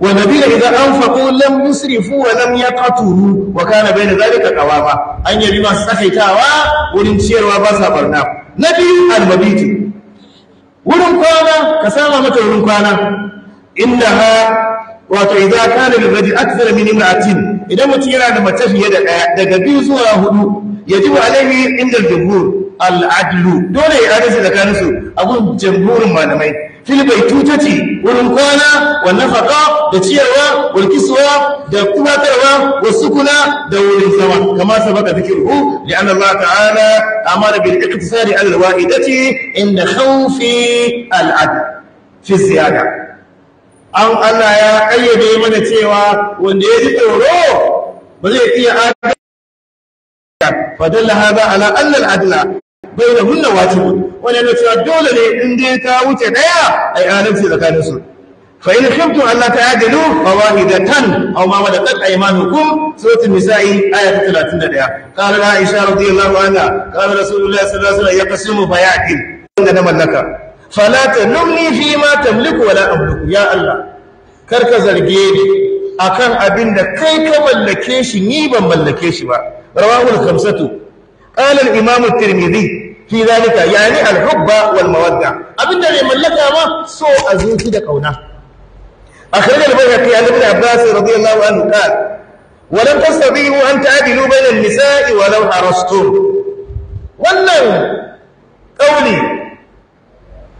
wa nabi da idan an faɗo lam musrifu wa lam yaqtulu wa kana bayna zalika ba. an yabi masu sakaitawa wurin ciyarwa ba sa barna na biyu mabiti wurin kwana ka sama mata wurin kwana innaha wato idza kana lirajul akthara min imra'atin idan mutum yana da mace fiye da daya daga biyu zuwa hudu yajibu alaihi inda al-jumhur al dole ya adalci tsakanin su a jumhurin malamai fil baitutati wurin kwana wa nafaqa da ciyarwa wa kiswa da kumatarwa wa sukuna da wurin zama kama sabaka zikruhu li'anna Allah ta'ala amara bil iqtisadi al-wa'idati inda khawfi al fi ziyada an Allah ya ƙayyade mana cewa wanda ya ji tsoro ba zai iya adalci fadalla hada ala annal adla bainahunna wajibun wannan ne cewa dole ne in dai ta wuce daya ai adalci tsakanin su fa in khiftu alla ta'dilu tan aw ma malakat aymanukum surat talatin da ɗaya. 31 qala aisha radiyallahu anha qala rasulullah sallallahu alaihi wasallam mu fayatil wanda na mallaka falata tanumni fi ma tamliku wala amliku ya Allah karka zarge ni akan abin da kai ka mallake shi ni ban mallake shi ba rawahul khamsatu qala al imam at-tirmidhi fi zalika yani al hubba wal mawadda abin da bai mallaka ma so a da kauna akhrij al bayhaqi an ibn abbas radiyallahu anhu qala ولم تستطيعوا أن تعدلوا بين النساء ولو حرصتم wannan ƙauli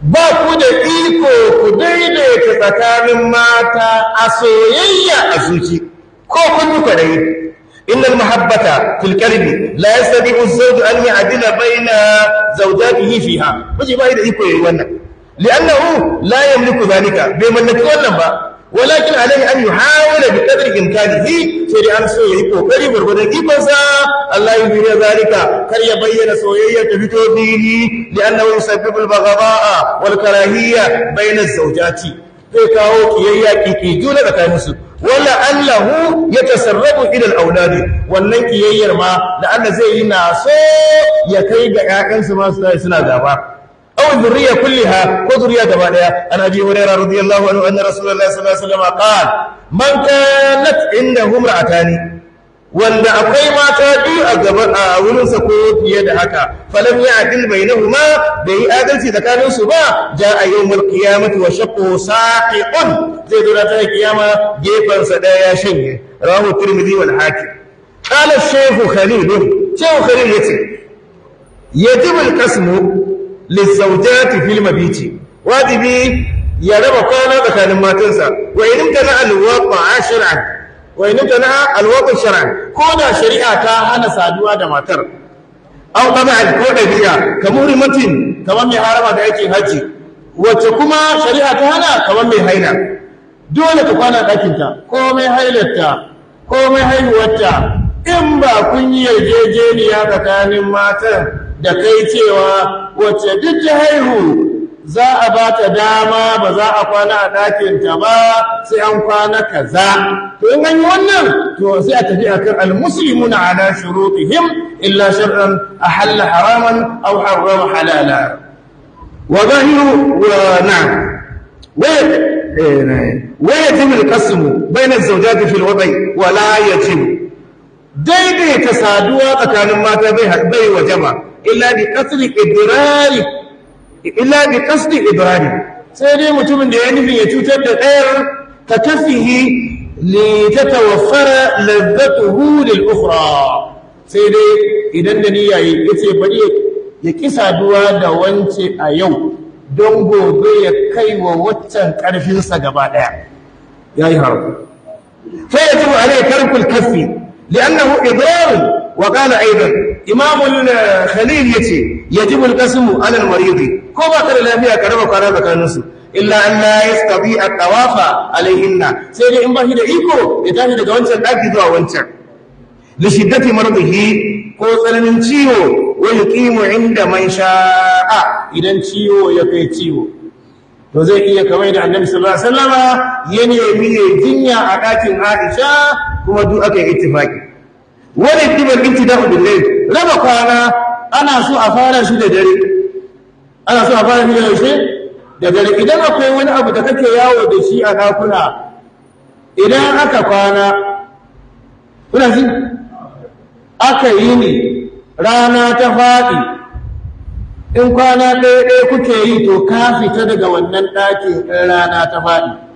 ba ku da iko ku daidaita tsakanin mata a soyayya a zuci ko kun yi kwaɗayi innal mahabbata fil qalbi la yastadi'u az an ya'dila baina zawjatihi fiha miji bai da iko yayi wannan li'annahu la yamliku zalika bai mallaki wannan ba walakin alaihi an yuhawila bi qadri imkanihi sai dai an so yayi kokari gurgurdan ikonsa Allah ya bi zalika kar ya bayyana soyayyar ta fito fili li'annahu yusabbibu al-baghdha'a wal karahiyya bayna az-zawjati zai kawo kiyayya kiki juna tsakaninsu wala annahu ya ila idon awladi wannan ƙiyayyar ma da Allah zai yi na so ya kai ga ƴaƴansu ma suna gaba أو الذرية كلها وذرية دمانية عن أبي هريرة رضي الله عنه أن رسول الله صلى الله عليه وسلم قال من كانت عنده امرأتان وأن أقيم تابي أولنس كوت يدعك فلم يعدل بينهما بي آدلت ذكان سبا جاء يوم القيامة وشقه ساقط زي دولة القيامة جيبا سدايا شيء رواه الترمذي والحاكم قال الشيخ خليل شيخ خليل يتي يجب القسم lissaujati fil mabici wajibi ya raba kwana tsakanin matansa wa in kana alwaqa shar'an wa in kana alwaqa shar'an ko da shari'a ta hana saduwa da matar aw tab'al ko dabi'a kamar mutum kamar mai harama da yake haji wacce kuma shari'a ta hana kamar mai haila dole ka kwana ɗakinta ko mai hailarta ko mai haihuwarta in ba kun yi yarjejeniya tsakanin matar. da kai cewa wacce duk ta haihu za a ba ta dama ba za a kwana a ɗakinta ba sai an kwana kaza to in an yi wannan to sai a tafi akan almuslimuna ala shurutihim illa shar'an ahalla haraman aw harrama halala wa zahiru wa na'am wa yajibu eh, al-qasmu bayna az-zawjati fi al-wad'i wa la yajibu daidaita saduwa tsakanin mata bai bai wajaba illa bi qasdi idrari sai dai mutumin da ya nufin ya cutar da ɗayar ka kafihi ta tatawaffara ladzatuhu lil ufura. sai dai idan da ya yace bari ya kisa duwa da wance a yau don gobe ya kai wa waccan ƙarfinsa gaba ɗaya ya yi haram sai ya ci alai karkul kafi li'annahu idrar wa qala aidan imamul eh, khalil yace yajibu alqasmu ala Mariri, ko ba ka da lafiya ka raba kwana tsakaninsu su illa an la yastati at-tawafa alaihinna sai dai in ba shi da iko ya tashi daga wancan daki zuwa wancan li shiddati maradihi ko tsananin ciwo wa yuqimu inda man sha'a idan ciwo ya kai ciwo to zai iya kamar da annabi sallallahu alaihi wasallama ya nemi jinya a dakin Aisha kuma duk aka yi ittifaki wani tibar raba kwana ana so a fara shi da dare ana so a fara shi da yaushe da dare idan akwai wani abu da kake yawo da shi a ɗakuna idan aka kwana kuna ji aka yi ni rana ta faɗi in kwana ɗaya ɗaya kuke yi to ka fita daga wannan ɗakin in rana ta faɗi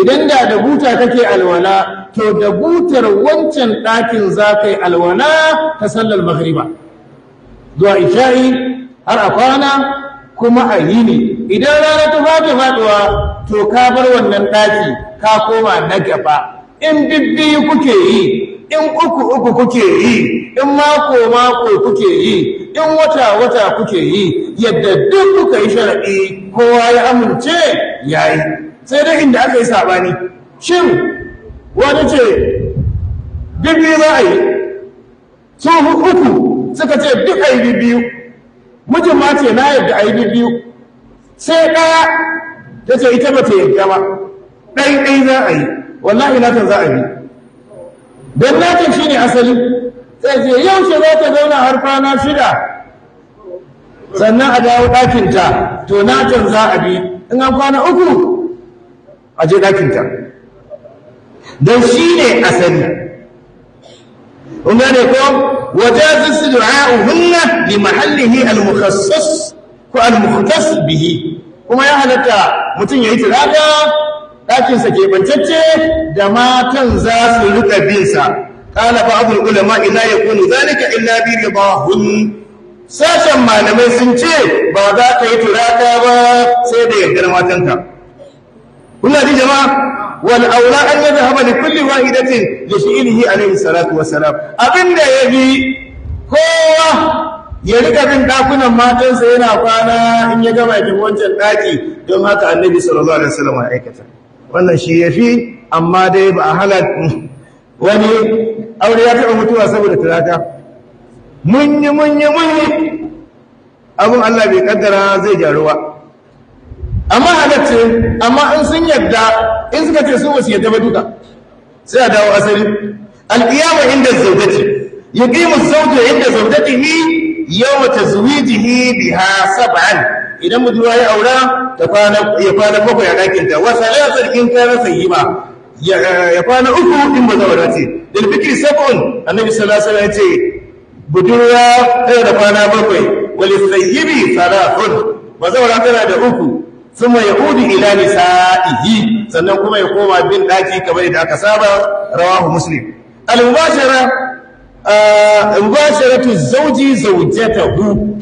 idan da da buta kake alwala to da butar wancan ɗakin za ka yi alwala ta sallar maghriba zuwa isha'i har a kwana kuma a yi ne idan rana ta fata faɗuwa to ka bar wannan ɗaki ka koma na gaba in bibbiyu kuke yi in uku uku kuke yi in mako mako kuke yi in wata wata kuke yi yadda duk kuka yi sharaɗi kowa ya amince ya yi sai dai inda aka yi sabani shin wani ce bibi za a yi su uku suka ce duk a yi biyu mutum ma ce na yadda a yi biyu sai ɗaya ta ce ita ba ta yadda ba ɗai ɗai za a yi wallahi natan za a bi don natan shi ne asali sai ce yau shi za ta zauna har kwana shida sannan a dawo ɗakinta to natan za a bi in an kwana uku a je ɗakinta don shi ne asali ƙunga ne ko waje su du'a'u hunna bi mahallihi al-mukhassas ko al-mukhtas bihi kuma ya halatta mutum ya yi tirada ɗakinsa keɓantacce da matan za su rika binsa ƙala ba abin ulama ina ya kunu zalika illa bi ribahun sashen malamai sun ce ba za ka yi turaka ba sai da yardar matanka kuna ji jama'a wal aula an yadhhab li kulli wahidatin li fi'lihi alayhi salatu wassalam abinda yabi kowa ya rika bin dakunan matansa yana kwana in ya gama bin wancan daki don haka annabi sallallahu alaihi wasallam ya aikata wannan shi yafi amma dai ba a wani aure ya taɓa mutuwa saboda talaka mun yi mun yi mun yi abin Allah bai kaddara zai jaruwa amma halatta amma in sun yadda in suka ce su wasu yadda ba duka sai a dawo asali alƙiyama inda zaudaci ya ƙimu sautu inda zaudatihi yau ta zuwijihi biha saba'an idan budurwa ya aura ta kwana ya kwana bakwai a ɗakinta wasa ya sarkin rasa yi ba ya kwana uku in ba zaura ce da fikir sabon annabi sallallahu ya ce budurwa tana da kwana bakwai wal sayyibi salafun ba zaura tana da uku suma ya udu ila nisa'ihi sannan kuma ya koma bin daki kamar da aka saba rawahu muslim al-mubashara ah, mubasharatu zawji hu.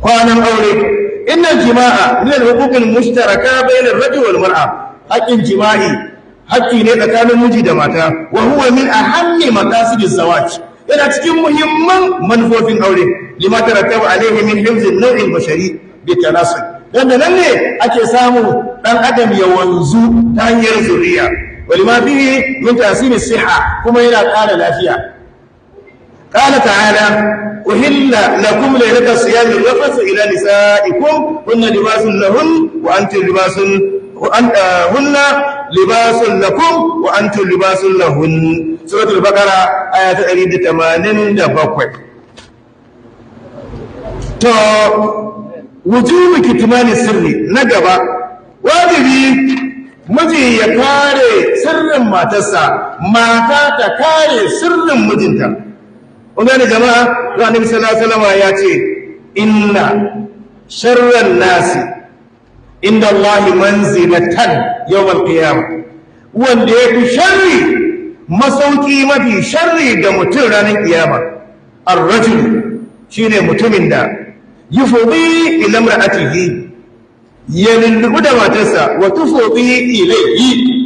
kwanan aure inna jima'a min al mustaraka al-mushtaraka bayn wal mar'a haqqin jima'i haqqi ne tsakanin miji da mata wa huwa min ahammi maqasid az-zawaj yana cikin muhimman manufofin aure lima tarattaba alayhi min himz an bashari bi wanda nan ne ake samu ɗan adam ya wanzu ta hanyar zuriya walima bihi min tasiri siha kuma yana ƙara lafiya ƙala ta'ala uhilla lakum laylata siyami rafasu ila nisa'ikum kunna libasun lahun wa antum libasun wa eh, hunna libasun lakum wa antum libasun lahun suratul baqara ayatu 187 to wujubu kitmani sirri na gaba wajibi miji ya kare sirrin matarsa mata ta kare sirrin mijinta wanda jama'a ga annabi ya ce inna sharran nasi inda Allah tan yawmal qiyamah wanda yafi sharri masauki mafi sharri ga mutum ranar kiyama ar shi shine mutumin da yufudi ila mar'atihi ya lullubu da matarsa wa tufudi ilayhi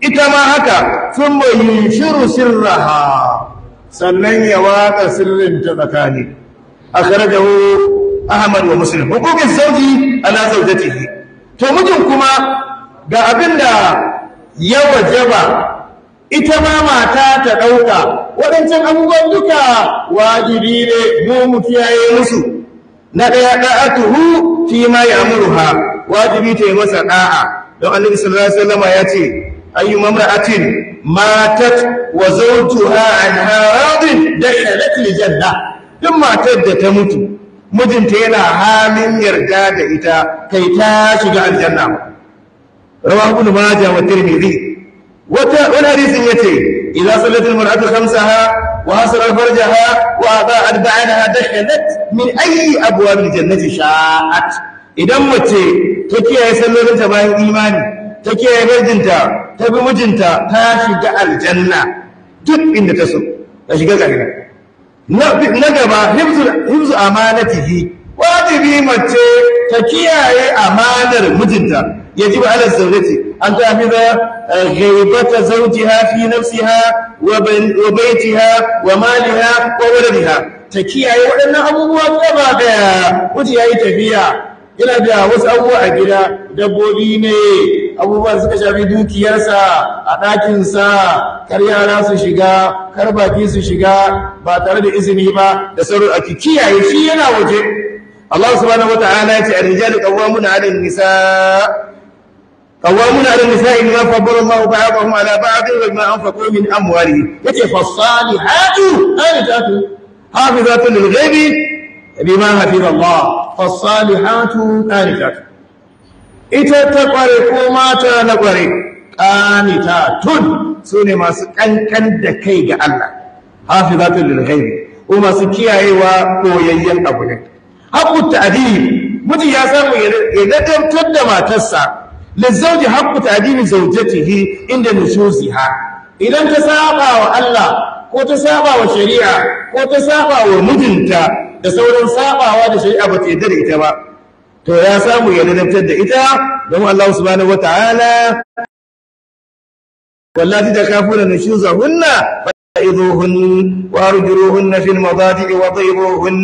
ita ma haka thumma yunshiru sirraha sannan ya watsa sirrin ta tsakani akhrajahu ahmad wa muslim hukumin zauji ala zaujatihi to mijin kuma ga abinda ya wajaba ita ma mata ta ɗauka waɗancan abubuwan duka wajibi ne mu mutiyaye musu na ɗaya ɗa'atuhu fi ma ya wajibi ta yi masa ɗa'a don annabi sallallahu alaihi wasallam ya ce ayyu mamra'atin matat wa zawjuha an haradin dakhalat li janna duk matar da ta mutu mijinta yana halin yarda da ita kai ta shiga aljanna rawahu ibn majah wa tirmidhi wata wani hadisin ce idan sallatil mar'atu khamsaha wa hasara farjaha wa ada'at ba'daha dakhalat min ayi abwabil jannati sha'at idan mace ta kiyaye sallolin ta bayan imani ta kiyaye farjinta ta bi mijinta ta shiga aljanna duk inda ta so ta shiga aljanna na gaba hibzu hibzu amanatihi wajibi mace ta kiyaye amanar mijinta yajibu ala zawjati أن تحفظ غيبة زوجها في نفسها وبيتها ومالها وولدها تكيا يوعدنا أبوه وقبابها وتي أي تفيا yana da wasu abubuwa a gida dabbobi ne abubuwan suka shafi dukiyarsa a ɗakinsa kar yara su shiga kar baki su shiga ba tare da izini ba da sauro aki kiyaye shi yana waje Allah subhanahu wataala ya ce a rijalu qawwamuna 'ala nisa قوامون على النساء بما فضل الله بعضهم على بعض وبما انفقوا من اموالهم يتي فالصالحات قانتات حافظات للغيب بما حفظ الله فالصالحات قانتات ita ta kware ko mata na kware qanitatun sune masu kankan da kai ga Allah hafizatul lil ghaib ko masu kiyayewa koyayyen abu ne haqqut miji ya samu ya ladabtar da matarsa lizauji haqqu ta'dili ciki inda nushuziha idan ta saba wa Allah ko ta saba wa shari'a ko ta saba wa mijinta da sauran sabawa da shari'a ba ta yarda da ita ba to ya samu ya ladabtar da ita don Allah subhanahu wataala wallati takafuna nushuzahunna فإذوهن وأرجروهن في المضاجع وطيبوهن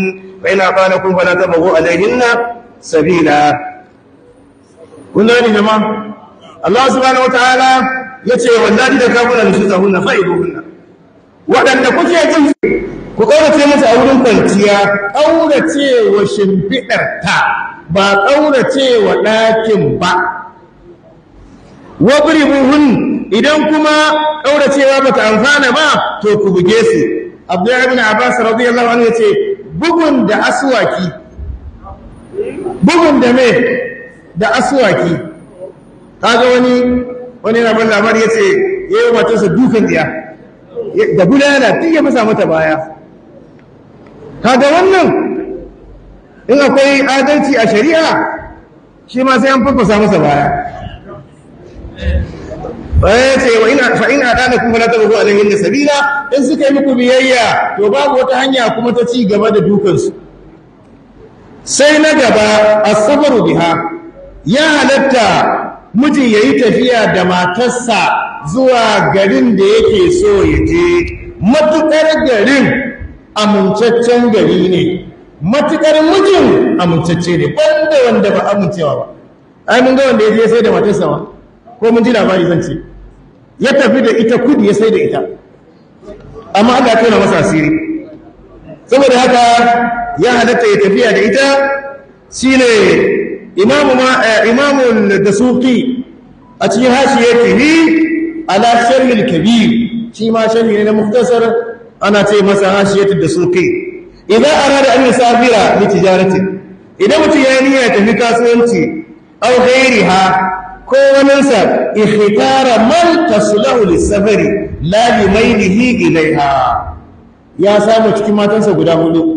فإن أعطانكم فلا تبغوا عليهن سبيلا kun gane jama'a Allah subhanahu wataala yace wallahi da kafuna da su tsahunna fa'iduhunna wadanda kuke jin ku kaurace musu a wurin kwanciya kaurace wa shimfidar ta ba kaurace wa dakin ba hun idan kuma kauracewa bata amfana ba to ku buge su Abdullahi ibn Abbas radiyallahu anhu yace bugun da aswaki bugun da me da aswaki kaga wani wani yana ban labar yace yayi matarsa dukan diya da gudana tun ya masa mata baya kaga wannan in akwai adalci a shari'a shi ma sai an farfasa masa baya baya ce wa ina fa ina dana kuma na tabu alayhin da sabila in suka yi muku biyayya to babu wata hanya kuma ta ci gaba da dukansu sai na gaba as biha ya halatta mijin ya yi tafiya da matarsa zuwa garin da yake so ya je matuƙar garin amincaccen gari ne matuƙar mijin amincacce ne banda wanda ba amincewa ba ai mun ga wanda ya je sai da matarsa ba ko mun ji labari zan ce ya tafi da ita kudi ya sai da ita amma Allah ya tona masa asiri saboda haka ya halatta ya tafiya da ita shine imamu ma imamu dasuqi a cikin hashiyatihi ala sharh al-kabir shi ma sharhi ne na muktasar ana ce masa hashiyatu dasuqi idan arada an yusafira li tijarati idan mutum ya niyya tafi kasuwanci aw ha ko waninsa ikhtara man ladi mai la bi mailihi ilaiha ya samu cikin matansa guda hudu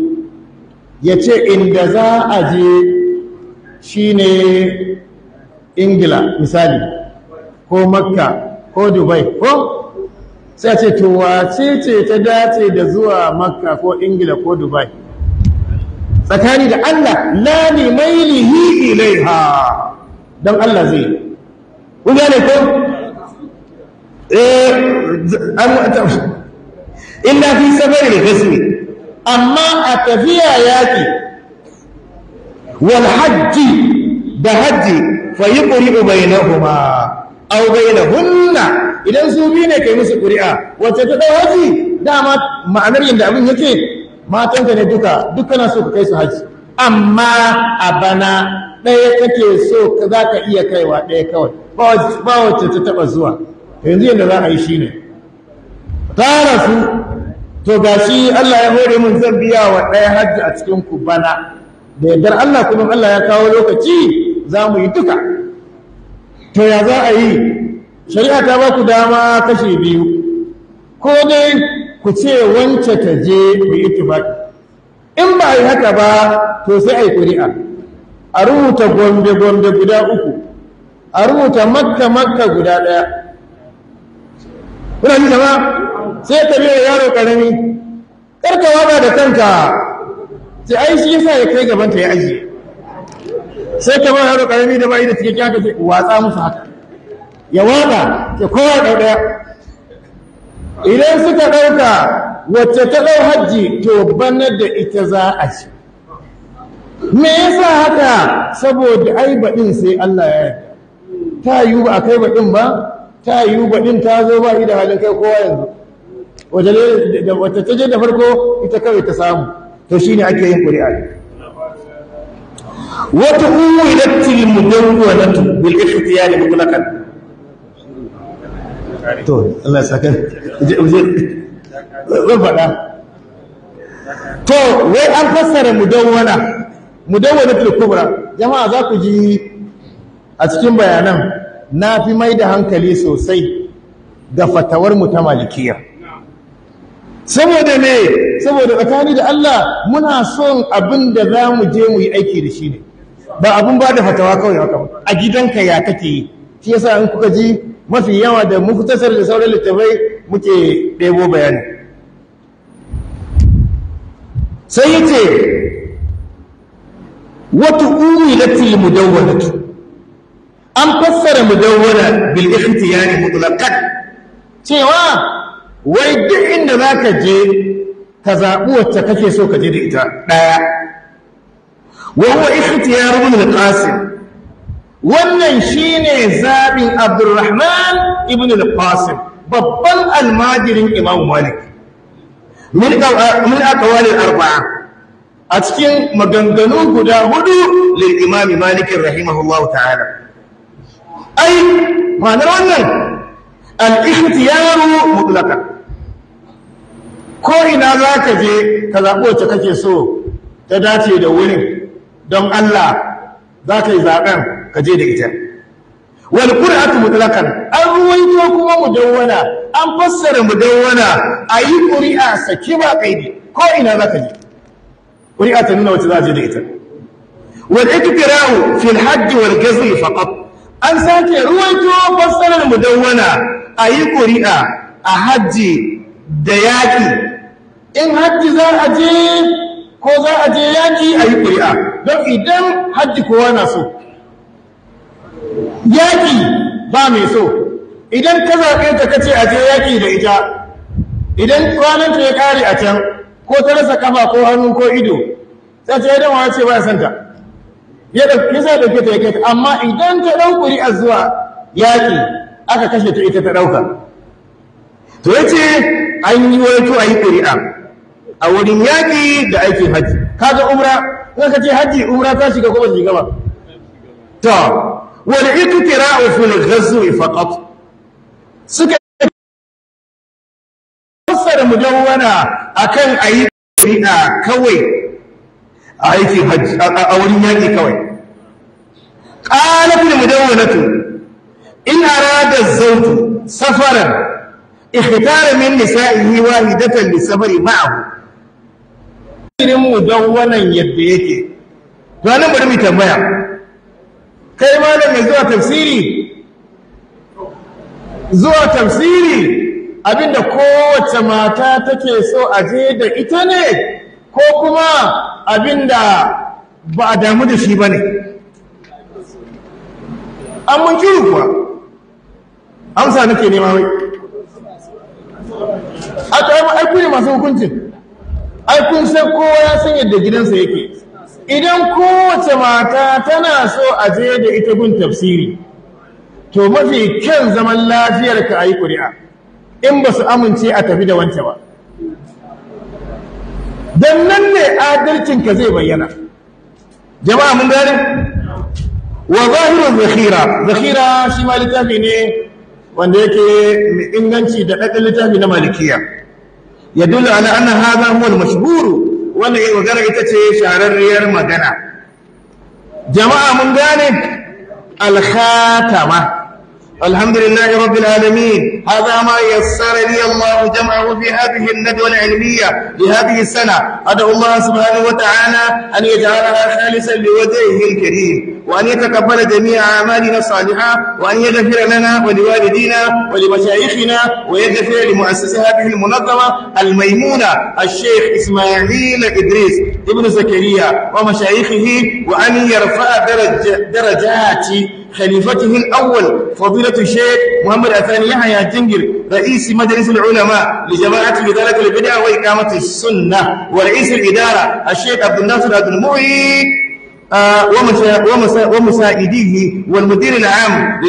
yace inda za a je shine ingila misali ko makka ko dubai ko sai ce to wace ce ta dace da zuwa makka ko ingila ko dubai tsakani da allah la ni mailihi ilaiha don allah zai Ku gane ko eh an illa fi sabarin hasmi amma a tafiya yaki wal hajji da hajji fa yi ƙuri'u bainahuma aw bainahunna idan su bi ne kai musu ƙuri'a wacce ta dau haji dama ma'anar yadda abin yake matanka ne duka duk kana so ka kai su haji amma a bana ɗaya kake so za ka iya kaiwa ɗaya kawai ba wacce ta taɓa zuwa yanzu yadda za a yi shi ne tara su to gashi Allah ya hore mun zan biya wa ɗaya hajji a cikin ku bana da yadda Allah kuma Allah ya kawo lokaci za mu yi duka to ya za a yi shari'a ta ba ku dama kashe biyu ko dai ku ce wance ta je ku yi ittifaqi in ba a yi haka ba to sai a yi ƙuri'a a rubuta gombe-gombe guda uku a rubuta makka-makka guda ɗaya kuna ji sama sai ka biya yaro ƙarami ka ba da kanka sai ai shi yasa ya kai gaban ya aji. sai kamar yaro karami da bai da cikakken haka sai watsa musu haka ya waɗa, ya kowa ɗau ɗaya idan suka ɗauka wacce ta ɗau hajji to banar da ita za a ci me yasa haka saboda ai baɗin sai Allah ya yarda ta yiwu ba a kai baɗin ba ta yiwu baɗin ta zo ba da halin kai kowa yanzu wacce ta je da farko ita kawai ta samu to shine ake yin ƙuri'a wata ƙuwidat al-mudawwanatu bil ikhtiyar mutlaqan to Allah saka zan faɗa to wai an fassara mudawwana mudawwanatul kubra jama'a za ku ji a cikin bayanan na fi mai da hankali sosai ga fatawar mu ta malikiya saboda me saboda tsakani da Allah muna son abin da za mu je mu yi aiki da shi ne ba abin ba da fatawa kawai haka a gidanka ya kake yi shi yasa in kuka ji mafi yawa da mu fitasar da sauran littafai muke ɗebo bayani sai ce, wata uwilatil mudawwanatu an fassara mudawwana bil ikhtiyari mutlaqan cewa wai duk inda za ka je ka zaɓi wacce kake so ka je da ita ɗaya wawo ya ibn da qasim wannan shine zaɓin abdurrahman ibn al-qasim babban almajirin imam malik min aqwal al-arba'a a cikin maganganu guda hudu lil imam malikin rahimahullahu ta'ala ai ma'anar wannan al’ikitiyaru mutlaka ko ina za ka je ka zaɓi wacce kake so ta dace da wurin don Allah za ka yi zaɓen ka je da ita wal qur'atu mutlaqan an ruwaito kuma mudawwana an fassara mudawwana ayi a saki ba kaidi ko ina ka je ƙuri'a ta nuna wacce za je da ita wal ikra'u fil hajj wal jazm faqat an sake ruwaito fassarar mudawwana a yi ƙuri'a a hajji da yaƙi in hajji za a je ko za a je yaƙi a yi ƙuri'a don idan hajji kowa na so yaƙi ba mai so idan ka zaɓe ta kace a je yaƙi da ita idan kwananta ya ƙare a can ko ta rasa kafa ko hannu ko ido ta ce idan wa ce ba ya santa ya ɗauke ta ya kai ta amma idan ta ɗan ƙuri'a zuwa yaƙi aka kashe ta ita ta ɗauka to ya ce an yi wato a yi ƙuri'a a wurin yaƙi da aikin hajji kaga umra in ka ce hajji umra ta shiga kuma shiga ba to wal iktira'u fil ghazwi faqat suka fassara mudawwana akan yi ƙuri'a kawai a aikin hajji a wurin yaƙi kawai qalat al mudawwanatu in rada zautu safaran ikhtara min nisa'ihi wahidatan li safari ma'ahu irin mudawwanan yadda yake to ana bari mu tambaya kai malam ya zuwa tafsiri zuwa tafsiri abinda kowace mata take so a je da ita ne ko kuma abinda ba a damu da shi ba ne an mun kiru kuwa amsa nake nema mai a tsaye ma masu hukuncin aikun sai kowa ya san yadda gidansa yake idan kowace mata tana so a je da ita gun tafsiri to mafi kyan zaman lafiyar ka yi ƙuri'a in ba su amince a tafi da wance ba don nan ne adalcinka zai bayyana jama'a mun gari wa zahirin zakhira zakhira shi ma littafi ne wanda yake mai inganci da ɗaɗin littafi na malikiya ya dula ala ana haza mul al wanda ya magana ita ce shahararriyar magana jama'a mun gane alkhatama الحمد لله رب العالمين هذا ما يسر لي الله جمعه في هذه الندوة العلمية لهذه السنة أدعو الله سبحانه وتعالى أن يجعلها خالصا لوديه الكريم وأن يتقبل جميع أعمالنا الصالحة وأن يغفر لنا ولوالدينا ولمشايخنا ويغفر لمؤسس هذه المنظمة الميمونة الشيخ إسماعيل إدريس ابن زكريا ومشايخه وأن يرفع درج درجاتي خليفته الأول فضيلة الشيخ محمد أثاني يحيى جنجر رئيس مجلس العلماء لجماعة الإدارة البدع وإقامة السنة ورئيس الإدارة الشيخ عبد الناصر عبد المعيد آه، ومساعديه والمدير العام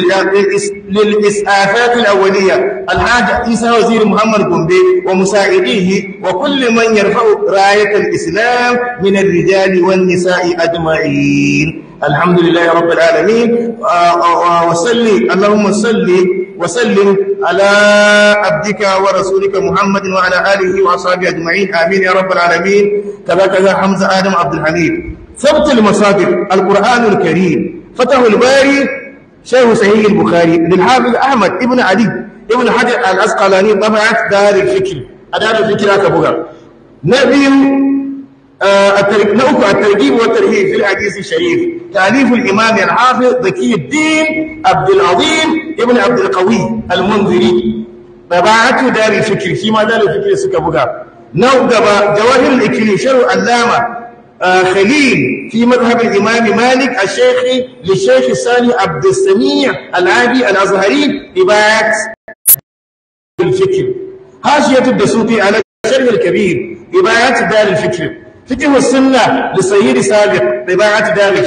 للإسعافات الأولية الحاج عيسى وزير محمد قنبي ومساعديه وكل من يرفع راية الإسلام من الرجال والنساء أجمعين الحمد لله رب العالمين وصلي اللهم صل وسلم على عبدك ورسولك محمد وعلى آله وأصحابه أجمعين آمين يا رب العالمين كذا كذا حمزة آدم عبد الحميد ثبت المصادر القرآن الكريم فتح الباري شيخ صحيح البخاري للحافظ أحمد ابن علي ابن حجر الأسقلاني طبعت دار الفكر دار الفكر هكذا نبي نأكو آه، الترجيب والترهيب في الحديث الشريف تأليف الإمام الحافظ ذكي الدين عبد العظيم ابن عبد القوي المنذري طباعته داري فكر كما داري فكر سكبوكا نوقب جواهر الإكلي شر اللامة آه، خليل في مذهب الإمام مالك الشيخ للشيخ الثاني عبد السميع العابي الأزهري إباعة الفكر هاشية الدسوطي على الشرح الكبير إباعة دار الفكر fikihu sunna li sayyidi sabiq ribaat dar al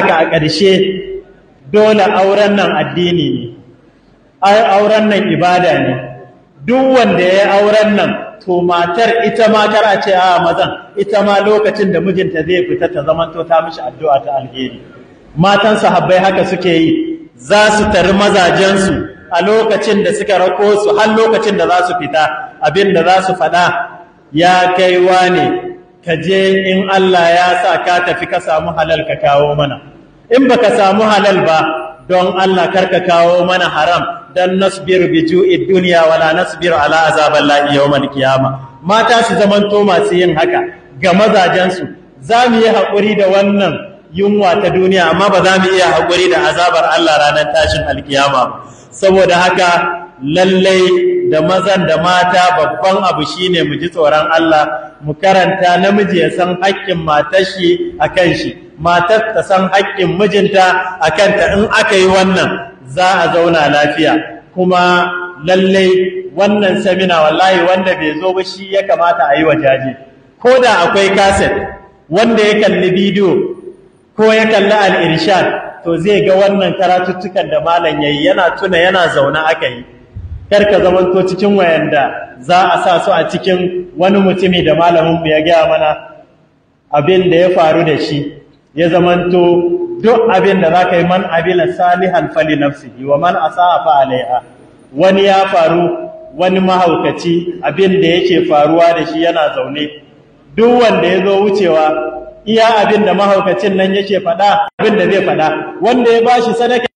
haka a ƙarshe dole auren nan addini ne auren nan ibada ne duk wanda ya yi auren nan to matar ita ma kar a ce a mazan ita ma lokacin da mijinta zai fita ta zamanto ta mishi addu'a ta alheri matan sahabbai haka suke yi za su tari mazajensu a lokacin da suka rako su har lokacin da za su fita abin da za su faɗa ya kai wa ne ka je in Allah ya sa ka tafi ka samu halal ka kawo mana in baka samu halal ba don Allah kar ka kawo mana haram dan nasbir bi ju'id dunya wala nasbir ala azaballahi yawmal qiyama mata su zamanto masu yin haka ga mazajen su zamu yi hakuri da wannan yunwa ta duniya amma ba za mu iya hakuri da azabar Allah ranar tashin alkiyama ba saboda haka lallai da mazan da mata babban abu shine mu ji tsoron Allah mu karanta namiji ya san haƙƙin matar shi kan shi matar ta san haƙƙin mijinta a kanta in aka yi wannan za a zauna lafiya kuma lallai wannan samina wallahi wanda bai zo ba shi ya kamata a yi wa jaji ko da akwai kaset wanda ya kalli bidiyo ko ya kalli al-irshad to zai ga wannan karatuttukan da malam yayi yana tuna yana zauna aka yi kar ka zamanto cikin wayanda za a sa su a cikin wani mutumi da malamin ya gaya mana abin da ya faru da shi ya zamanto duk abin da za ka yi man abila salihan fali nafsihi wa man asa'a fa alaiha wani ya faru wani mahaukaci abin da yake faruwa da shi yana zaune duk wanda ya zo wucewa iya abin da mahaukacin nan yake faɗa abin da zai faɗa wanda ya ba shi sadaka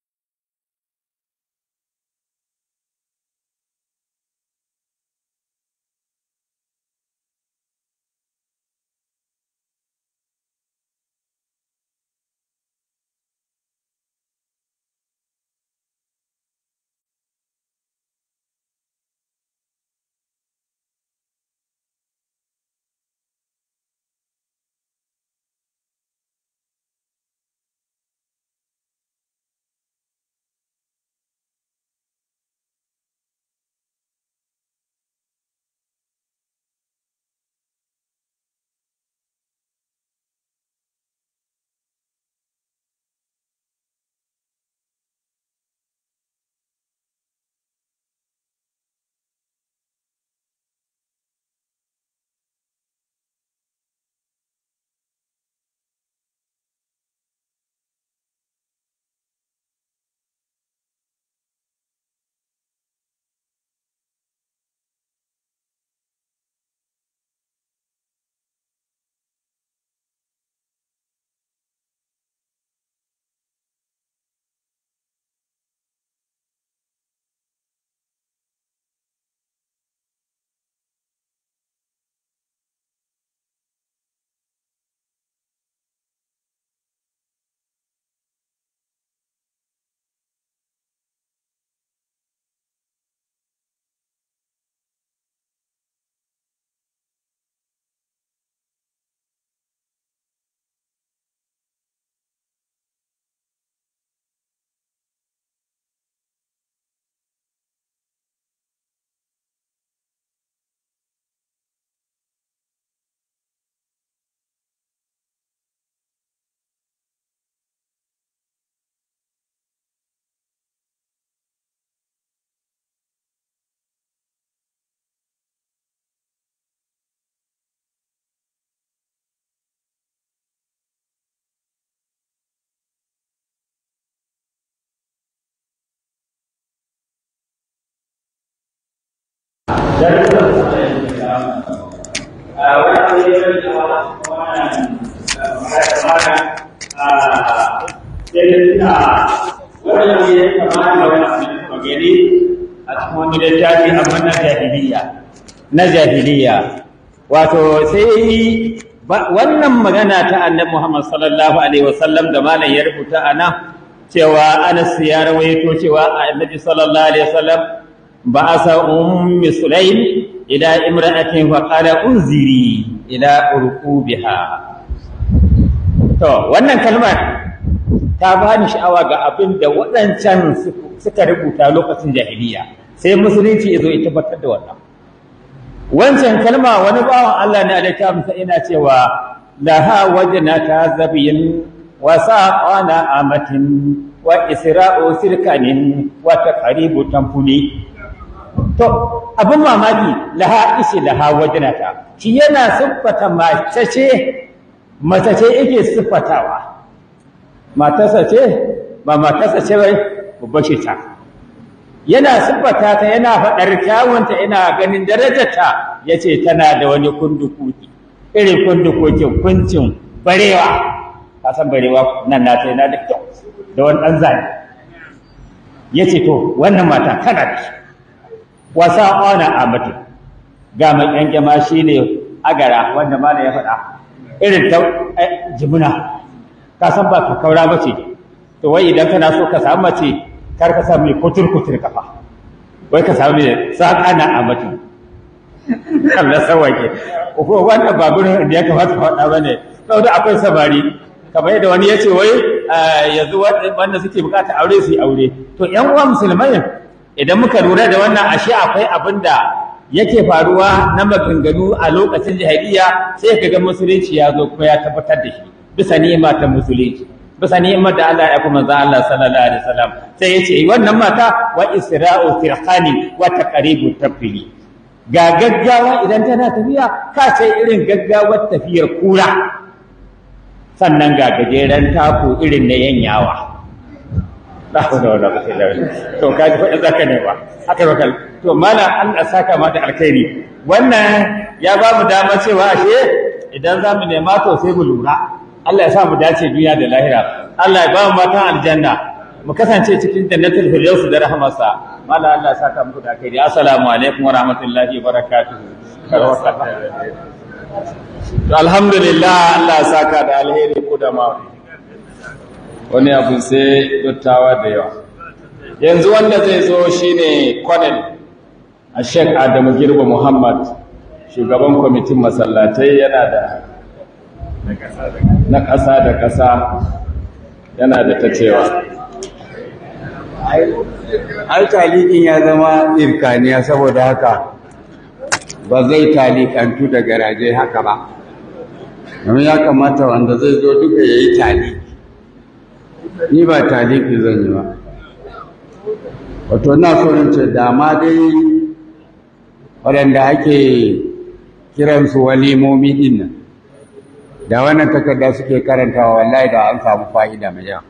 na jahiliya wato sai wannan magana ta annabi Muhammad sallallahu alaihi wasallam da malam ya rubuta ana cewa Anas ya rawaito cewa annabi sallallahu alaihi wasallam ummi أم ila imra'atin wa qala unziri ila urqubiha to wannan kalmar ta bani sha'awa ga abin da waɗancan suka rubuta lokacin jahiliya sai musulunci ya zo ya tabbatar da wannan wancan kalma wani bawan Allah ne a musa ina cewa ha wajna tazabiyin wa saqana amatin wa isra'u sirkanin wa taqribu tanfuni to abin mamaki laha isi laha wajnata shi yana siffata mace ce mace ce yake siffatawa matarsa ce ba matarsa ce bai babba ce ta yana siffata ta yana faɗar kyawunta yana ganin darajarta ya ce tana da wani kundukuki irin ke kuncin barewa ka san barewa nan na ta yana da kyau da wani ɗan zane ya ce to wannan mata kana da ona a mutu ga mai yanke ma shine agara wanda ne ya faɗa irin ta eh, jimuna ka san ba ka kaura ce. to wai idan kana so ka samu mace kar ka samu kutur kutur kafa wai ka samu a mutu Allah sawake ko wannan babun da ya kamata faɗa bane da akwai sabari kamar yadda wani ya ce wai ah, yanzu wanda suke bukata aure su yi aure to yan uwa musulmai idan muka lura da wannan ashe akwai abin da yake faruwa na maganganu a lokacin jihadiya, sai ka ga musulunci ya zo kuma ya tabbatar da shi bisa ni'ima ta musulunci bisa ni'imar da Allah ya kuma za Allah sallallahu alaihi wasallam sai ya ce wannan mata wa isra'u firqani wa taqribu tafili ga gaggawa idan tana tafiya ka ce irin gaggawar tafiyar kura sannan ga gajeren taku irin na yanyawa haula wala quwwata illa billah to kaji fa zaka ne ba Haka bakal to mana an asaka mata alkhairi wannan ya ba mu dama cewa ashe idan zamu nema to sai mu lura Allah ya sa mu dace duniya da lahira Allah ya ba mu matan aljanna mu kasance cikin jannatul firdaus da rahmarsa mala Allah ya saka muku da alkhairi assalamu alaikum wa rahmatullahi wa barakatuh to alhamdulillah Allah ya saka da alheri ku da mafi wani abun sai dattawa da yawa yanzu wanda zai zo shine kwanan a shek adamu girba muhammad shugaban kwamitin masallatai yana da na ƙasa da ƙasa yana da ta cewa ai talikin ya zama irkaniya saboda haka ba zai talikantu da garaje haka ba domin ya kamata wanda zai zo duka ya yi tali ni ba taliki zan yi ba wato na so in ce da ma dai waɗanda ake kiransu walimomi ɗin nan da wannan takarda suke karantawa wallahi da an samu fa'ida mai yawa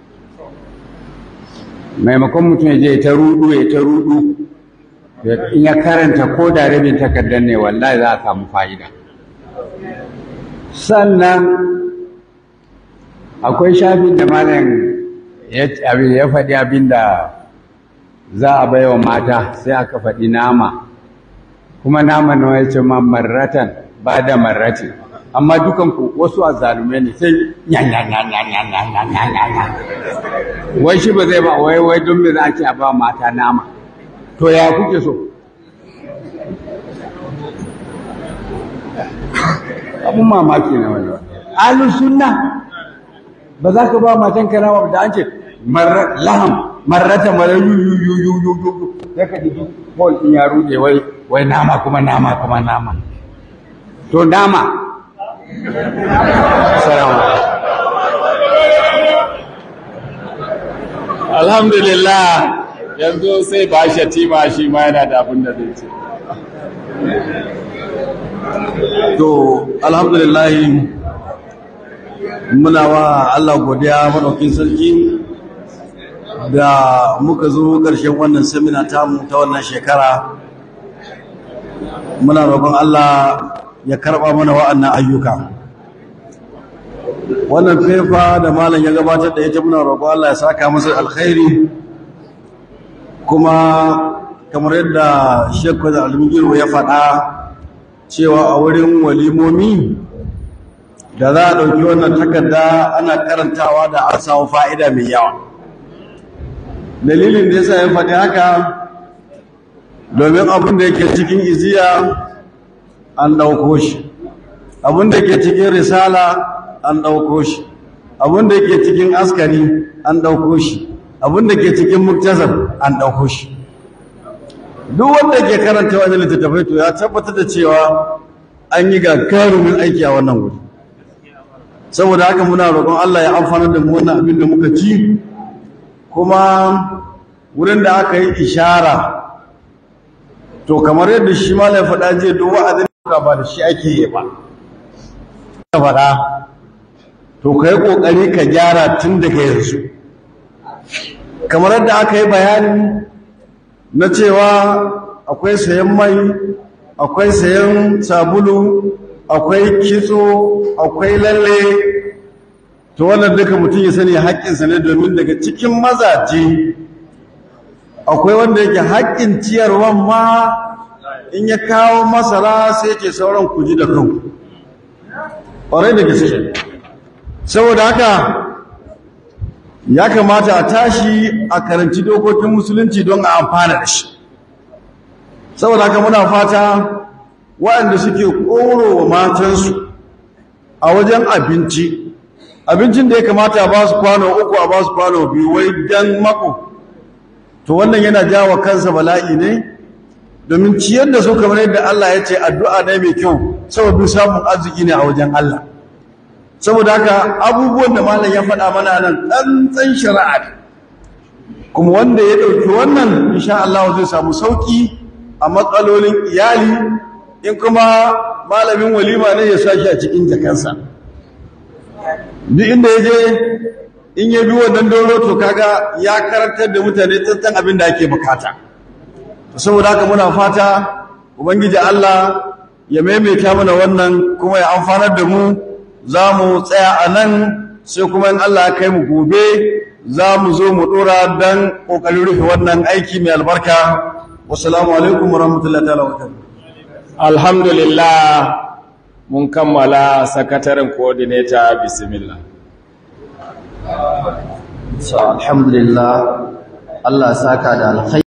maimakon mutum ya je ta rudu ya ta rudu in ya karanta ko da rabin takardar ne wallahi za a samu fa'ida sannan akwai shafin da malam ya faɗi abin da za a bai wa mata sai aka faɗi nama kuma nama na ya ce ma marratan ba da marrati amma dukanku wasu a zalume ne sai wai shi ba zai ba wai wai don me za a ce a ba mata nama to ya kuke so abun mamaki na wani wani Alusunna. sunna ba za ka ba matan ka nama da an ce laham marrata mara yu yu yu yu yu yu ya ka digi bol in ya rude wai wai nama kuma nama kuma nama to nama salamu alhamdulillah yanzu sai ba shi tima shi ma yana da abin da zai ce to alhamdulillah muna wa Allah godiya madaukin sarki da muka zo ƙarshen wannan samina tamu ta wannan shekara muna roƙon Allah ya karɓa mana wa'annan ayyuka wannan fefa da malam ya gabatar da ita muna roƙon Allah ya saka masa alkhairi kuma kamar yadda shekwa da almugiru ya faɗa cewa a wurin walimomi da za a ɗauki wannan takarda ana karantawa da an samu fa'ida mai yawa dalilin da ya ya faɗi haka domin abin da yake cikin iziya an ɗauko shi abin da yake cikin risala an ɗauko shi abin da yake cikin askari an ɗauko shi abin da ke cikin muktazar an ɗauko shi duk wanda ke karanta wani littattafai to ya tabbatar da cewa an yi ga karumin aiki a wannan wuri saboda haka muna roƙon Allah ya amfana da mu wannan abin da muka ci kuma wurin da aka yi ishara to kamar yadda shi malam faɗa je duk wa'azin ka ba da shi ake yi ba ka faɗa to ka yi ƙoƙari ka gyara tun daga yanzu kamar yadda aka yi bayani na cewa akwai sayan mai akwai sayan sabulu akwai kitso akwai lalle to wannan duka mutum ya sani haƙƙinsa ne domin daga cikin mazaje akwai wanda yake haƙƙin ciyarwan ma in ya kawo masara sai ke sauran kuji da kanku ƙwarai da gaske saboda haka ya kamata a tashi a karanci dokokin musulunci don a amfana da shi saboda haka muna fata waɗanda suke ƙoro wa matansu a wajen abinci abincin da ya kamata ba su kwano uku a ba su kwano biyu wai dan mako to wannan yana jawa kansa bala'i ne domin ciyar da su kamar yadda Allah ya ce addu'a ne mai kyau saboda samun arziki ne a wajen Allah saboda haka abubuwan da malam ya faɗa mana nan tsantsan shari'a kuma wanda ya ɗauki wannan insha Allah zai samu sauki a matsalolin iyali in kuma malamin walima ne ya sashi a cikin jakansa duk inda ya je in ya bi wannan doro to kaga ya karantar da mutane tsantsan abin da ake bukata saboda haka muna fata ubangiji Allah ya maimaita mana wannan kuma ya amfanar da mu za mu tsaya a nan sai kuma in Allah ya kai mu gobe za mu zo mu dora dan ƙoƙarin rufe wannan aiki mai albarka wasu alaikum wa ta'ala wa alhamdulillah mun kammala sakataren coordinator bismillah so alhamdulillah Allah saka da alkhairi